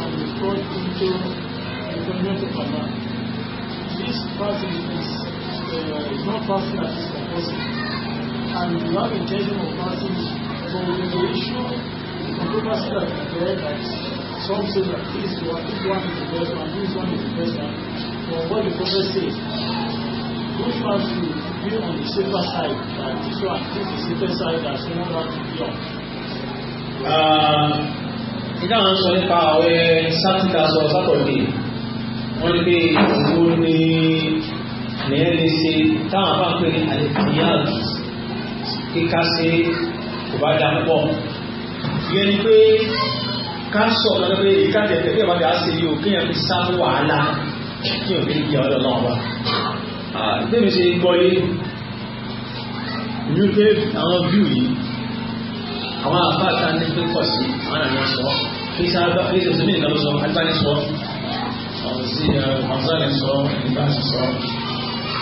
and is brought into the community of Allah. This person is, uh, is not fasting as is supposed and we have intention of fasting, so the will issue the controversy that we read that some say that this one, this one is the best one, this one is the best one, but what the prophet says, which one should be on the safer side, that this one is the safer side that someone has to be on? Uh, nígbà wọn sọ nípa àwẹ̀ sátidà sọ sátọ̀dé wọ́n ní pé ìwò ni nìyẹn lè ṣe táwọn bá ń pè ní àlèkìyàdù kíká sí kò bá dà pọ̀ ìyẹn ni pé ká sọ ọ̀gá pé ìka tẹ̀tẹ̀ bí ìbàdàn á ṣe yìí ò kéèyàn fi sá fún wàhálà kí òfin yẹ ọ̀dọ̀ náà wà. bí mi ṣe gbọ́ yé mi pé àwọn bíù yìí àwọn àfáàtà ní pé pọ̀ sí àwọn àmì sọ kí sábà kí sèso mí nìkan ló sọ alibani sọ ọ̀hún sí ọ̀sán uh, sọ ìbáṣe sọ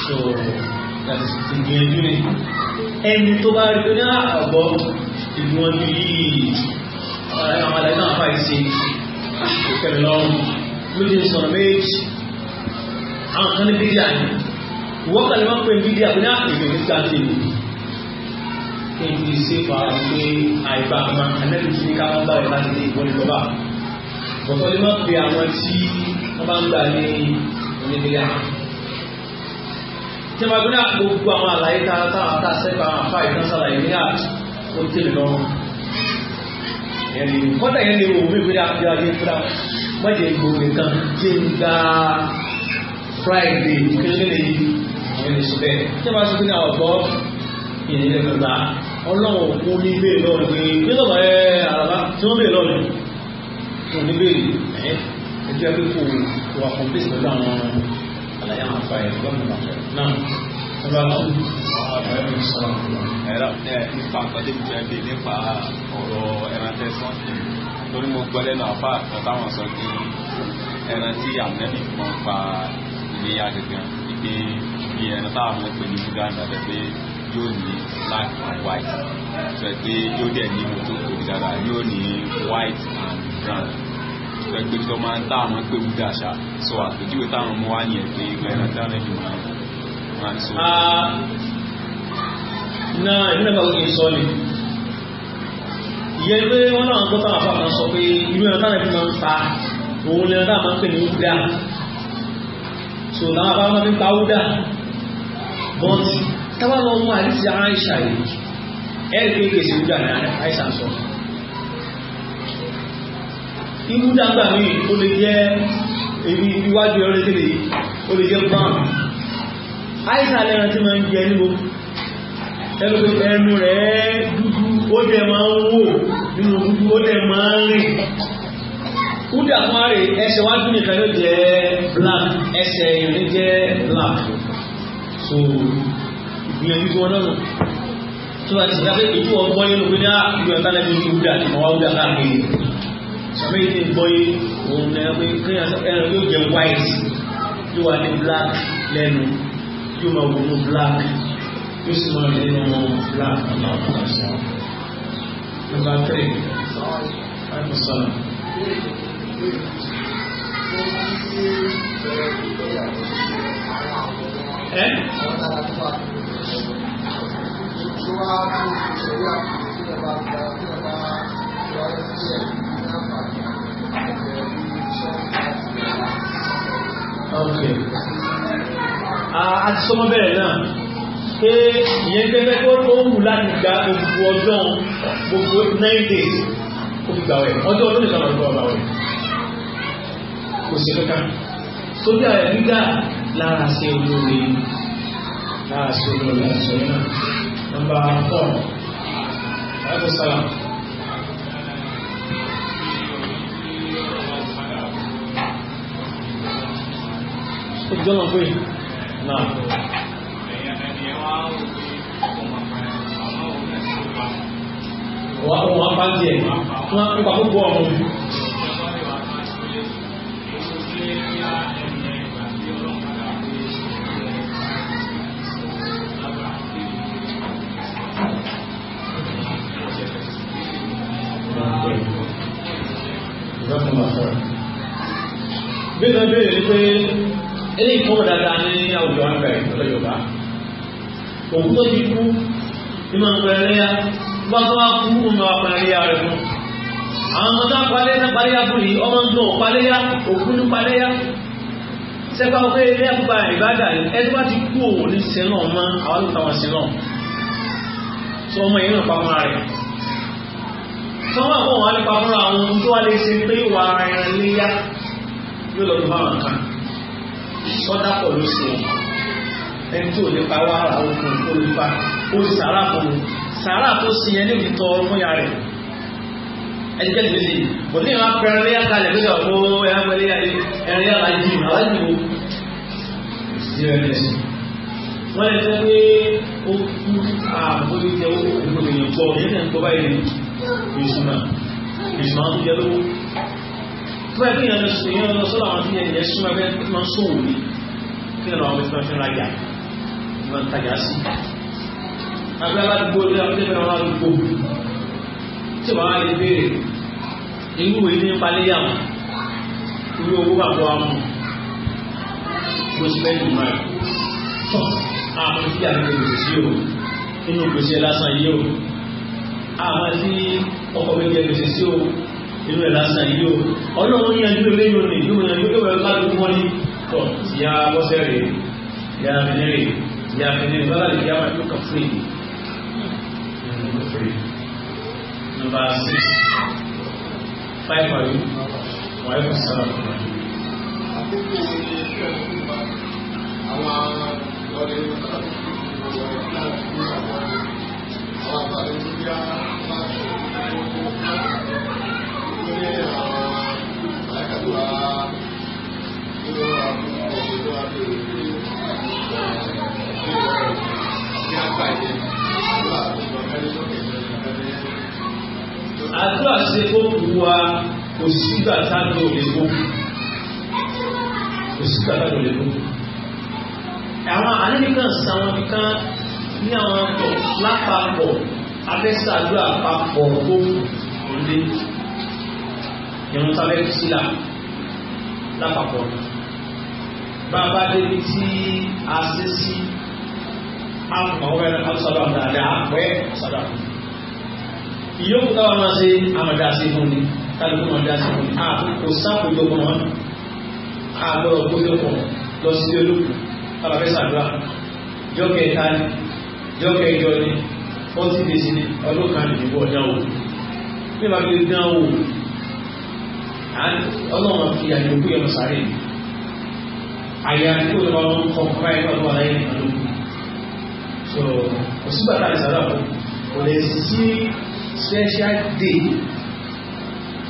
so ìgbìyànjú ni ẹni tó bá rí ní àbọ̀ ah, ìgbìmọ̀ bí àwọn àlẹ́ náà fà ìṣe ìkẹlẹ̀ lọ́rùn lójú sọ̀rọ̀ méjì àwọn kan ní bídíà ni wọ́n kàn ní wọ́n pè ní bídíà ní àpèjì nígbà tí èmi ṣe fà á pé gbà má anẹ́bí sí ká bá rẹ̀ láti ní ìbọn ìjọba bọ̀tọ́ lè má pe àwọn tí wọ́n bá ń gbà ní oníbíyà tí wọ́n bá gbé náà gbogbo àwọn àlàyé tá a ta sẹ́kọ̀ àwọn afá ìtàn sàlàyé ní àt ó tẹ̀lé lọ́wọ́ ẹni kọ́tà yẹn ni wò mí gbé náà gbéra fúra má jẹ́ gbogbo nǹkan jẹ́ ń gba Friday kékeré yìí ẹni sọ bẹ́ẹ̀ tí wọ́n bá sọ pé náà gbà ọlọ́run kú ní ilé lọ́ọ̀ ní nígbàgbà ẹ àràbá tí wọ́n bèèrè lọ́ọ̀ ní fún ní bèèrè ẹ ẹjọ́ pé kò kò wà fún bíṣẹ̀ lọ́dọ̀ àwọn àlàyé àwọn afa ẹ̀ lọ́nà ìgbàfẹ́ náà wọ́n bá kú àwọn ẹ̀rọ sọ̀rọ̀ ẹ̀rọ nípa àkọ́dé mi fẹ́ bèèrè nípa ọ̀rọ̀ ẹran tẹ̀sán lórí mo gbọ́ lẹ́nu àfa àtàwọn sọ pé ẹran tí àmẹ́bí kan pa ìléyà gẹ̀gẹ̀ ìgbé ẹran táwọn ọmọ pè ní uganda yóò ní black and white sọ pé yóò dẹ̀ ní mo tó tóbi dáadáa yóò ní white and brown sọ pé tó máa ń tá àwọn pé wúdà àṣà sọ àpèjúwe táwọn mú wá yẹn pé ìgbà ẹran dáná ni màá máa ń sọ. náà ìdílé kan kì í sọ ni ìyẹn pé wọn náà gbọ́ táwọn afáàmù sọ pé irú ẹran dáná ni màá ń ta òun ni ẹran dáná pè ní wúdà so làwọn afáàmù máa fi ń ta wúdà bọ́ọ̀tì tábà lọ mú àdìsí Aisha yìí ẹ̀rí pé kèsì wúdà ní Aisha sọ ìwúdà gbà mí ó lè jẹ́ èyí iwájú ọ̀rẹ́ kéde ó lè jẹ́ brown Aisha lẹ́ran tí máa ń jẹ níbo ẹnu rẹ̀ dúdú ó dẹ̀ máa ń wò nínú dúdú ó dẹ̀ máa ń rìn Uda kumare ẹsẹ̀ wájú nìkan ló jẹ́ black ẹsẹ̀ ìrìn jẹ́ black so ìyẹn ju wọn lọ́nà tó bá ti ṣe dábẹ́ ìlú wọn gbọ́ nínú pé ní ah, ìlú ẹ̀ka lẹ́nu ìlú wúdà àti ìmọ̀wá wúdà káàkiri ṣàbẹ́ ìdí gbọ́ yìí òun náà pé kéèyàn ẹran yóò jẹ white yóò wà ní black lẹ́nu yóò máa wò ní black yóò sì máa rìn nínú black ọ̀nà ọ̀nà ṣe. Nọmba three, five percent. Thank you ẹ́ Okay. A ah, ti sọmọ bẹ̀rẹ̀ náà pé ìyẹn gẹ́gẹ́ kó tó wù láti gba gbogbo ọjọ́ gbogbo nine days ó fi gbà wẹ̀ ọjọ́ ọdún nìkan lọ́dún ọba wẹ̀ kò sí kankan. Sójà ẹ̀ nígbà lára sí olóore lára sí olóore àṣọ náà nọ́mbà fọ ẹkọ sọlá. ìjọba pé náà. wọ́n á pàǹtí ẹ̀ wọ́n á pípa gbogbo ọmọ. ọ̀sán. Bí wọ́n béèrè ni pé ilé ìkọ́wọ́ dáadáa ní àwùjọ àgbà ìpínlẹ̀ Yorùbá. Òkú tó ti kú ní máa ń pẹ́ ẹlẹ́yà bá tó wá kú ó máa pa ẹlẹ́yà rẹ̀ fún. Àwọn ọmọ náà palẹ́ náà palẹ́ yá fún yìí, ọmọ ń dùn palẹ́ yá, òkú ní palẹ́ yá. Sẹ́gbà wọ́n ilé ẹ̀kúpa ìbádà ẹni bá ti kú òun ní sinú ọmọ àwọn olùtàwọn sinú. Sọ ọmọ yìí náà pamọ́ rẹ̀ kan wà fún wọn nípa fúnra àwọn tó wà lè ṣe pé ìwà ara ẹran léyà yóò lọ fún àwọn kan sọdá pọ̀ ló ṣe ẹni tó lè pa wá ara òkun tó lè pa ó sì sàárà fún un sàárà tó ṣe yẹn níbi tọ fún ya rẹ̀ ẹni jẹ́ ìdílé bò ní ìwà pẹ̀rẹ̀ léyà kalẹ̀ pé ọ̀pọ̀ ẹran pẹ̀lẹ́ yà lé ẹran yà láyé yìí àwọn ìlú ìdílé rẹ̀ lẹ́sìn wọ́n lè tẹ́ pé ó kú àbójútẹ́ ó kú ìgbòmìnira pọ̀ yẹn náà ń gbọ́ báyìí ìṣúná ìṣúná tó jẹ lówó tó ẹ kéèyàn lọ sí ìyẹn lọ sọ́dọ̀ àwọn tí yẹn yẹn súnmọ́ ẹgbẹ́ tó máa ń sòwò ní kí ẹ̀rọ àwọn ìfẹ́ fẹ́ra yà ìwọ̀n tajà sí abẹ́ aládùúgbò ní abúlé fẹ́ra wọn aládùúgbò tí wọ́n á lè béèrè inú ìwé ní paléyàmù irú owó bàbá wa mú bó ti fẹ́ dùn máa tọ́ àmọ́ kí àgbẹ̀ gbèsè o inú gbèsè lásán yìí o àmọ́ tí ọkọ̀ mi jẹ gbèsè sí o inú ẹ̀ lásán yìí o ọlọ́run ní ẹni lórí ìlú ni yóò yan yóò bẹ̀rẹ̀ láti wọ́n ní tọ̀ ìyá bọ́sẹ̀ rè ìyá fìdírè ìyá fìdírè bá láti ìyá máa tó kàn fún èyí. Number six five are you? Why was seven? Àwọn ọ̀rẹ́ ló ń bá àwọn ọ̀rẹ́ àdúrà ṣe kó kú wa kò sígbà tábìlì ò lè kó kò sígbà tábìlì ò lè kó àwọn àníkàn sáwọn nìkan ní àwọn ọkọ̀ lápapọ̀ abẹ́sàdúrà papọ̀ tó òde ìrún sábẹ́ sílà lápapọ̀ bàbá débi tí a ṣe sí àpòmọ̀wé àbúsàdúrà dáadáa àpẹ́ àbúsàdúrà ìyókù táwọn máa ṣe àmọ̀dá sí fún ni kálukú máa dá sí fún ni àkókò sáàkójọ pọ̀ wọn àgbọ̀rọ̀ kójọ pọ̀ lọ sí olókùn bàbá fẹ́ sàdúrà jọ́kẹ́jọ́ ni ó ti dé sí ni ọdún kan ìdìbò ọ̀dáwò bí wàá fi dánwò ọlọ́run fi àyẹ̀wò yẹn sáré àyà tí ó lọ́wọ́ ń kọ́ ọ̀pá ẹ̀kọ́ ọ̀pá ọ̀láyé nìkan ló so kò sígbà tá a lè kò lè sí special day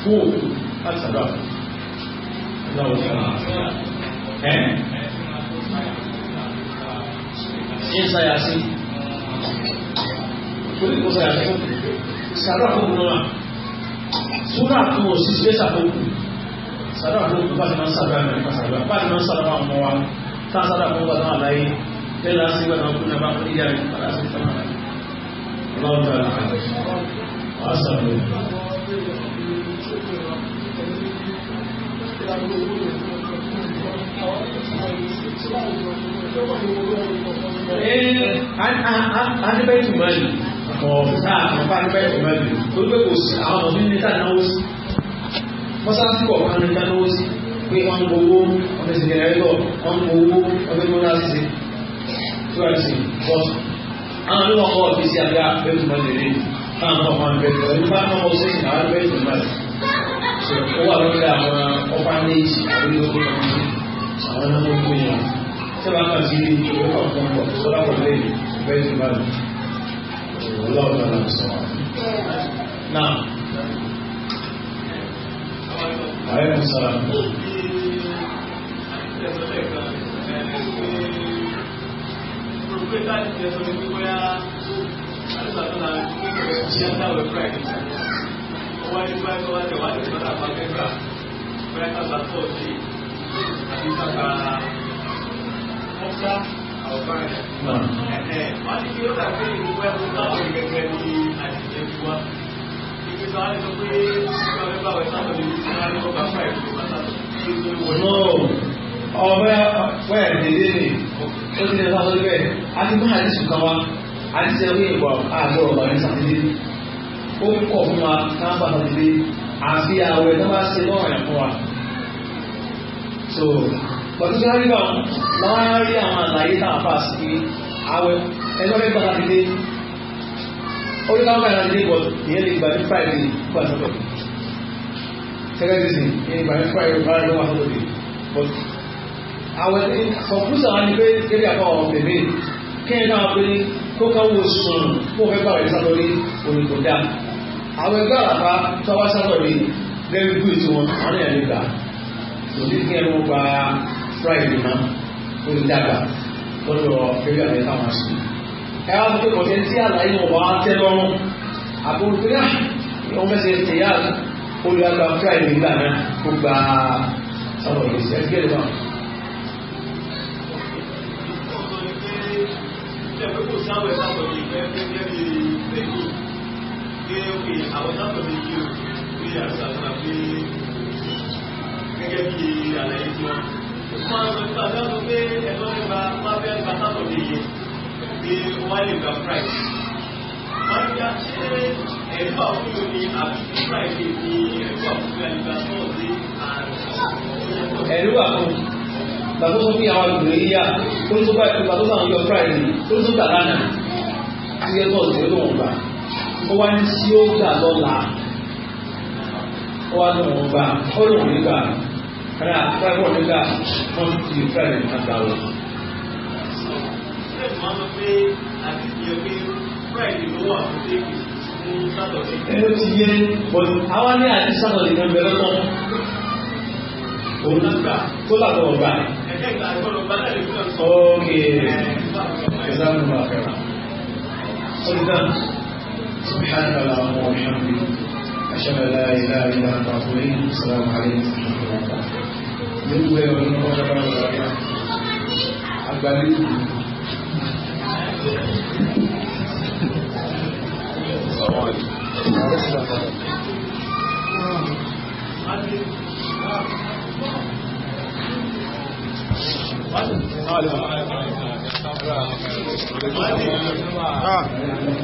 fún òkú láti sára fún ọlọ́run fún ọ̀pá ẹ̀ ń sáyà sí torí kò sọ yàtọ̀ sàdúrà tó kù náà súnà tó o sì sílé sàkókù sàdúrà tó kù bá ti máa ń sàdúrà ní ìpa sàdúrà bá ti máa ń sàdúrà àwọn ọmọ wa tá a sàdúrà fún wa náà láyé lẹ́la sí ìgbà náà kú ní abá kúrò yára nípa láti fi tánà láyé. ọlọ́run tó yàrá àjọ wàá Thank you adébẹ́tù mọ́lì ọ̀fíṣà àkọ́kọ́ adébẹ́tù mọ́lì tó gbé kò sí àwọn ọmọ nílé tá náwó sí mọ́sáàtì kọ̀ kan níta náwó sí pé wọ́n ń gbowó ọmọ ìsìnkẹ̀ rẹ̀ lọ wọ́n ń gbowó ọmọ ìmúra sí tó ẹ̀ sí bọ́ọ̀sì àwọn olówó ọkọ̀ ọ̀fíìsì àgbà adébẹ́tù mọ́lì rẹ̀ fáwọn ọmọ adébẹ́tù mọ́lì nípa náà wọ́n sí ìgbà adébẹ́tù mọ́lì ó wà lórí àwọn ọ̀pá méjì àbí lórí àwọn ọmọ ìgbóyè sábà kan sí ní ìṣòro ọ̀kan pọ̀ sọ́dá pọ̀ lẹ́yìn ìfẹ́ ìsìnbáyìí ọlọ́ọ̀dọ́ náà sọ wọn. náà ààrẹ ń sára. Wọ́n ní báyìí wọ́n ti wá ní ìgbọ́dọ̀ àpapẹ́gbà, bẹ́ẹ̀ ká bá tọ́ọ̀tì, àbí ọ̀bẹ́ wẹ́ẹ̀ dédé ni ó ti lè sáfọ́ síbẹ̀ a ti gbọ́n àdìsù kan wá àdìsù ẹ̀rí ìwà àgbọ̀ ọ̀bà ní sátidé ó ń kọ̀ fún wa náà bá sátidé àfi àwẹ̀ tó bá ṣe lọ́rùn ẹ̀fọ́ wa. pẹ̀lú sọ́rí bá wọn lọ́wọ́ á rí àwọn àlàyé tá a fà sí àwẹ̀ ẹjọ́ fẹ́ gbọ́dọ̀ dídé orí káwọn bá yàrá dídé bọ̀ ìyẹn lè gbà ní friday gbà sọ́dọ̀ sẹ́kẹ́tìsì ìyẹn gbà but àwẹ̀ kọ̀pútà wa ni pé kébì àpá ọ̀ bèbè kéèyàn náà pé kó káwọ́ sùn kó fẹ́ gbà rẹ̀ sátọ̀ ní òní gba friday náà ó ti dàgbà ó lọ fẹ́rẹ́ àti táwọn sùn. ẹ wá sọ pé kò sí tí àlàyé wọn wá tẹ́ lọ́rùn àbúrò pé náà ah, wọ́n fẹ́ ṣe tẹ̀yà olùyàgbà friday nígbà náà kó gba sábà ìgbésí ẹgbẹ́ rẹ̀ náà. ẹgbẹ́ kò sáwẹ̀ sáwẹ̀ yìí fẹ́ fẹ́ jẹ́ bí lẹ́yìn pé òkè àwọn sáwẹ̀ mi yìí ò rí àṣà àṣà pé gẹ́gẹ́ bí àlàyé tí máa ń sọ nípa sọ́nù pé ẹ̀tọ́ nípa pápẹ́ nípa sátọ̀dé yìí pé wọ́n lè gba price. wọ́n ní bá ṣe ẹ̀rọ àwùjọ ni àbíkú price ni ẹ̀rọ àwùjọ àyíká sọ́ọ̀dé àrùn. ẹ̀rọ àkọ́kọ́ gbàgbọ́ sọ pé àwọn àgbèrè yíyá tó ń sọ́kọ́ ẹ̀kọ́ gbàgbọ́ àwọn yọ price tó ń sọ́kọ́ àlànà tí ẹ bọ̀ sí lóun gbà ó wá ní tí ó gbà lọ́la ó wá lóun gbà ó lóun nígbà kana fẹ́ wọ́n nígbà wọ́n ti fẹ́ rẹ̀ nígbà wọ́n. ẹnu ti yé bọ́lú àwọn ní àti sátọ̀dì kan bẹ̀rẹ̀ mọ́ òun gbà tó làbọ̀ ọ̀gbà. ok ìsàlùmọ̀ àfẹ́ràn. sọ́dọ̀ سبحانك اللهم وبحمدك أشهد أن لا إله إلا أنت أتوب السلام عليكم ورحمة الله وبركاته. gbogbo ẹ̀rọ ní wọ́n lọ́wọ́ lọ́wọ́ agbálẹ́kù Ah.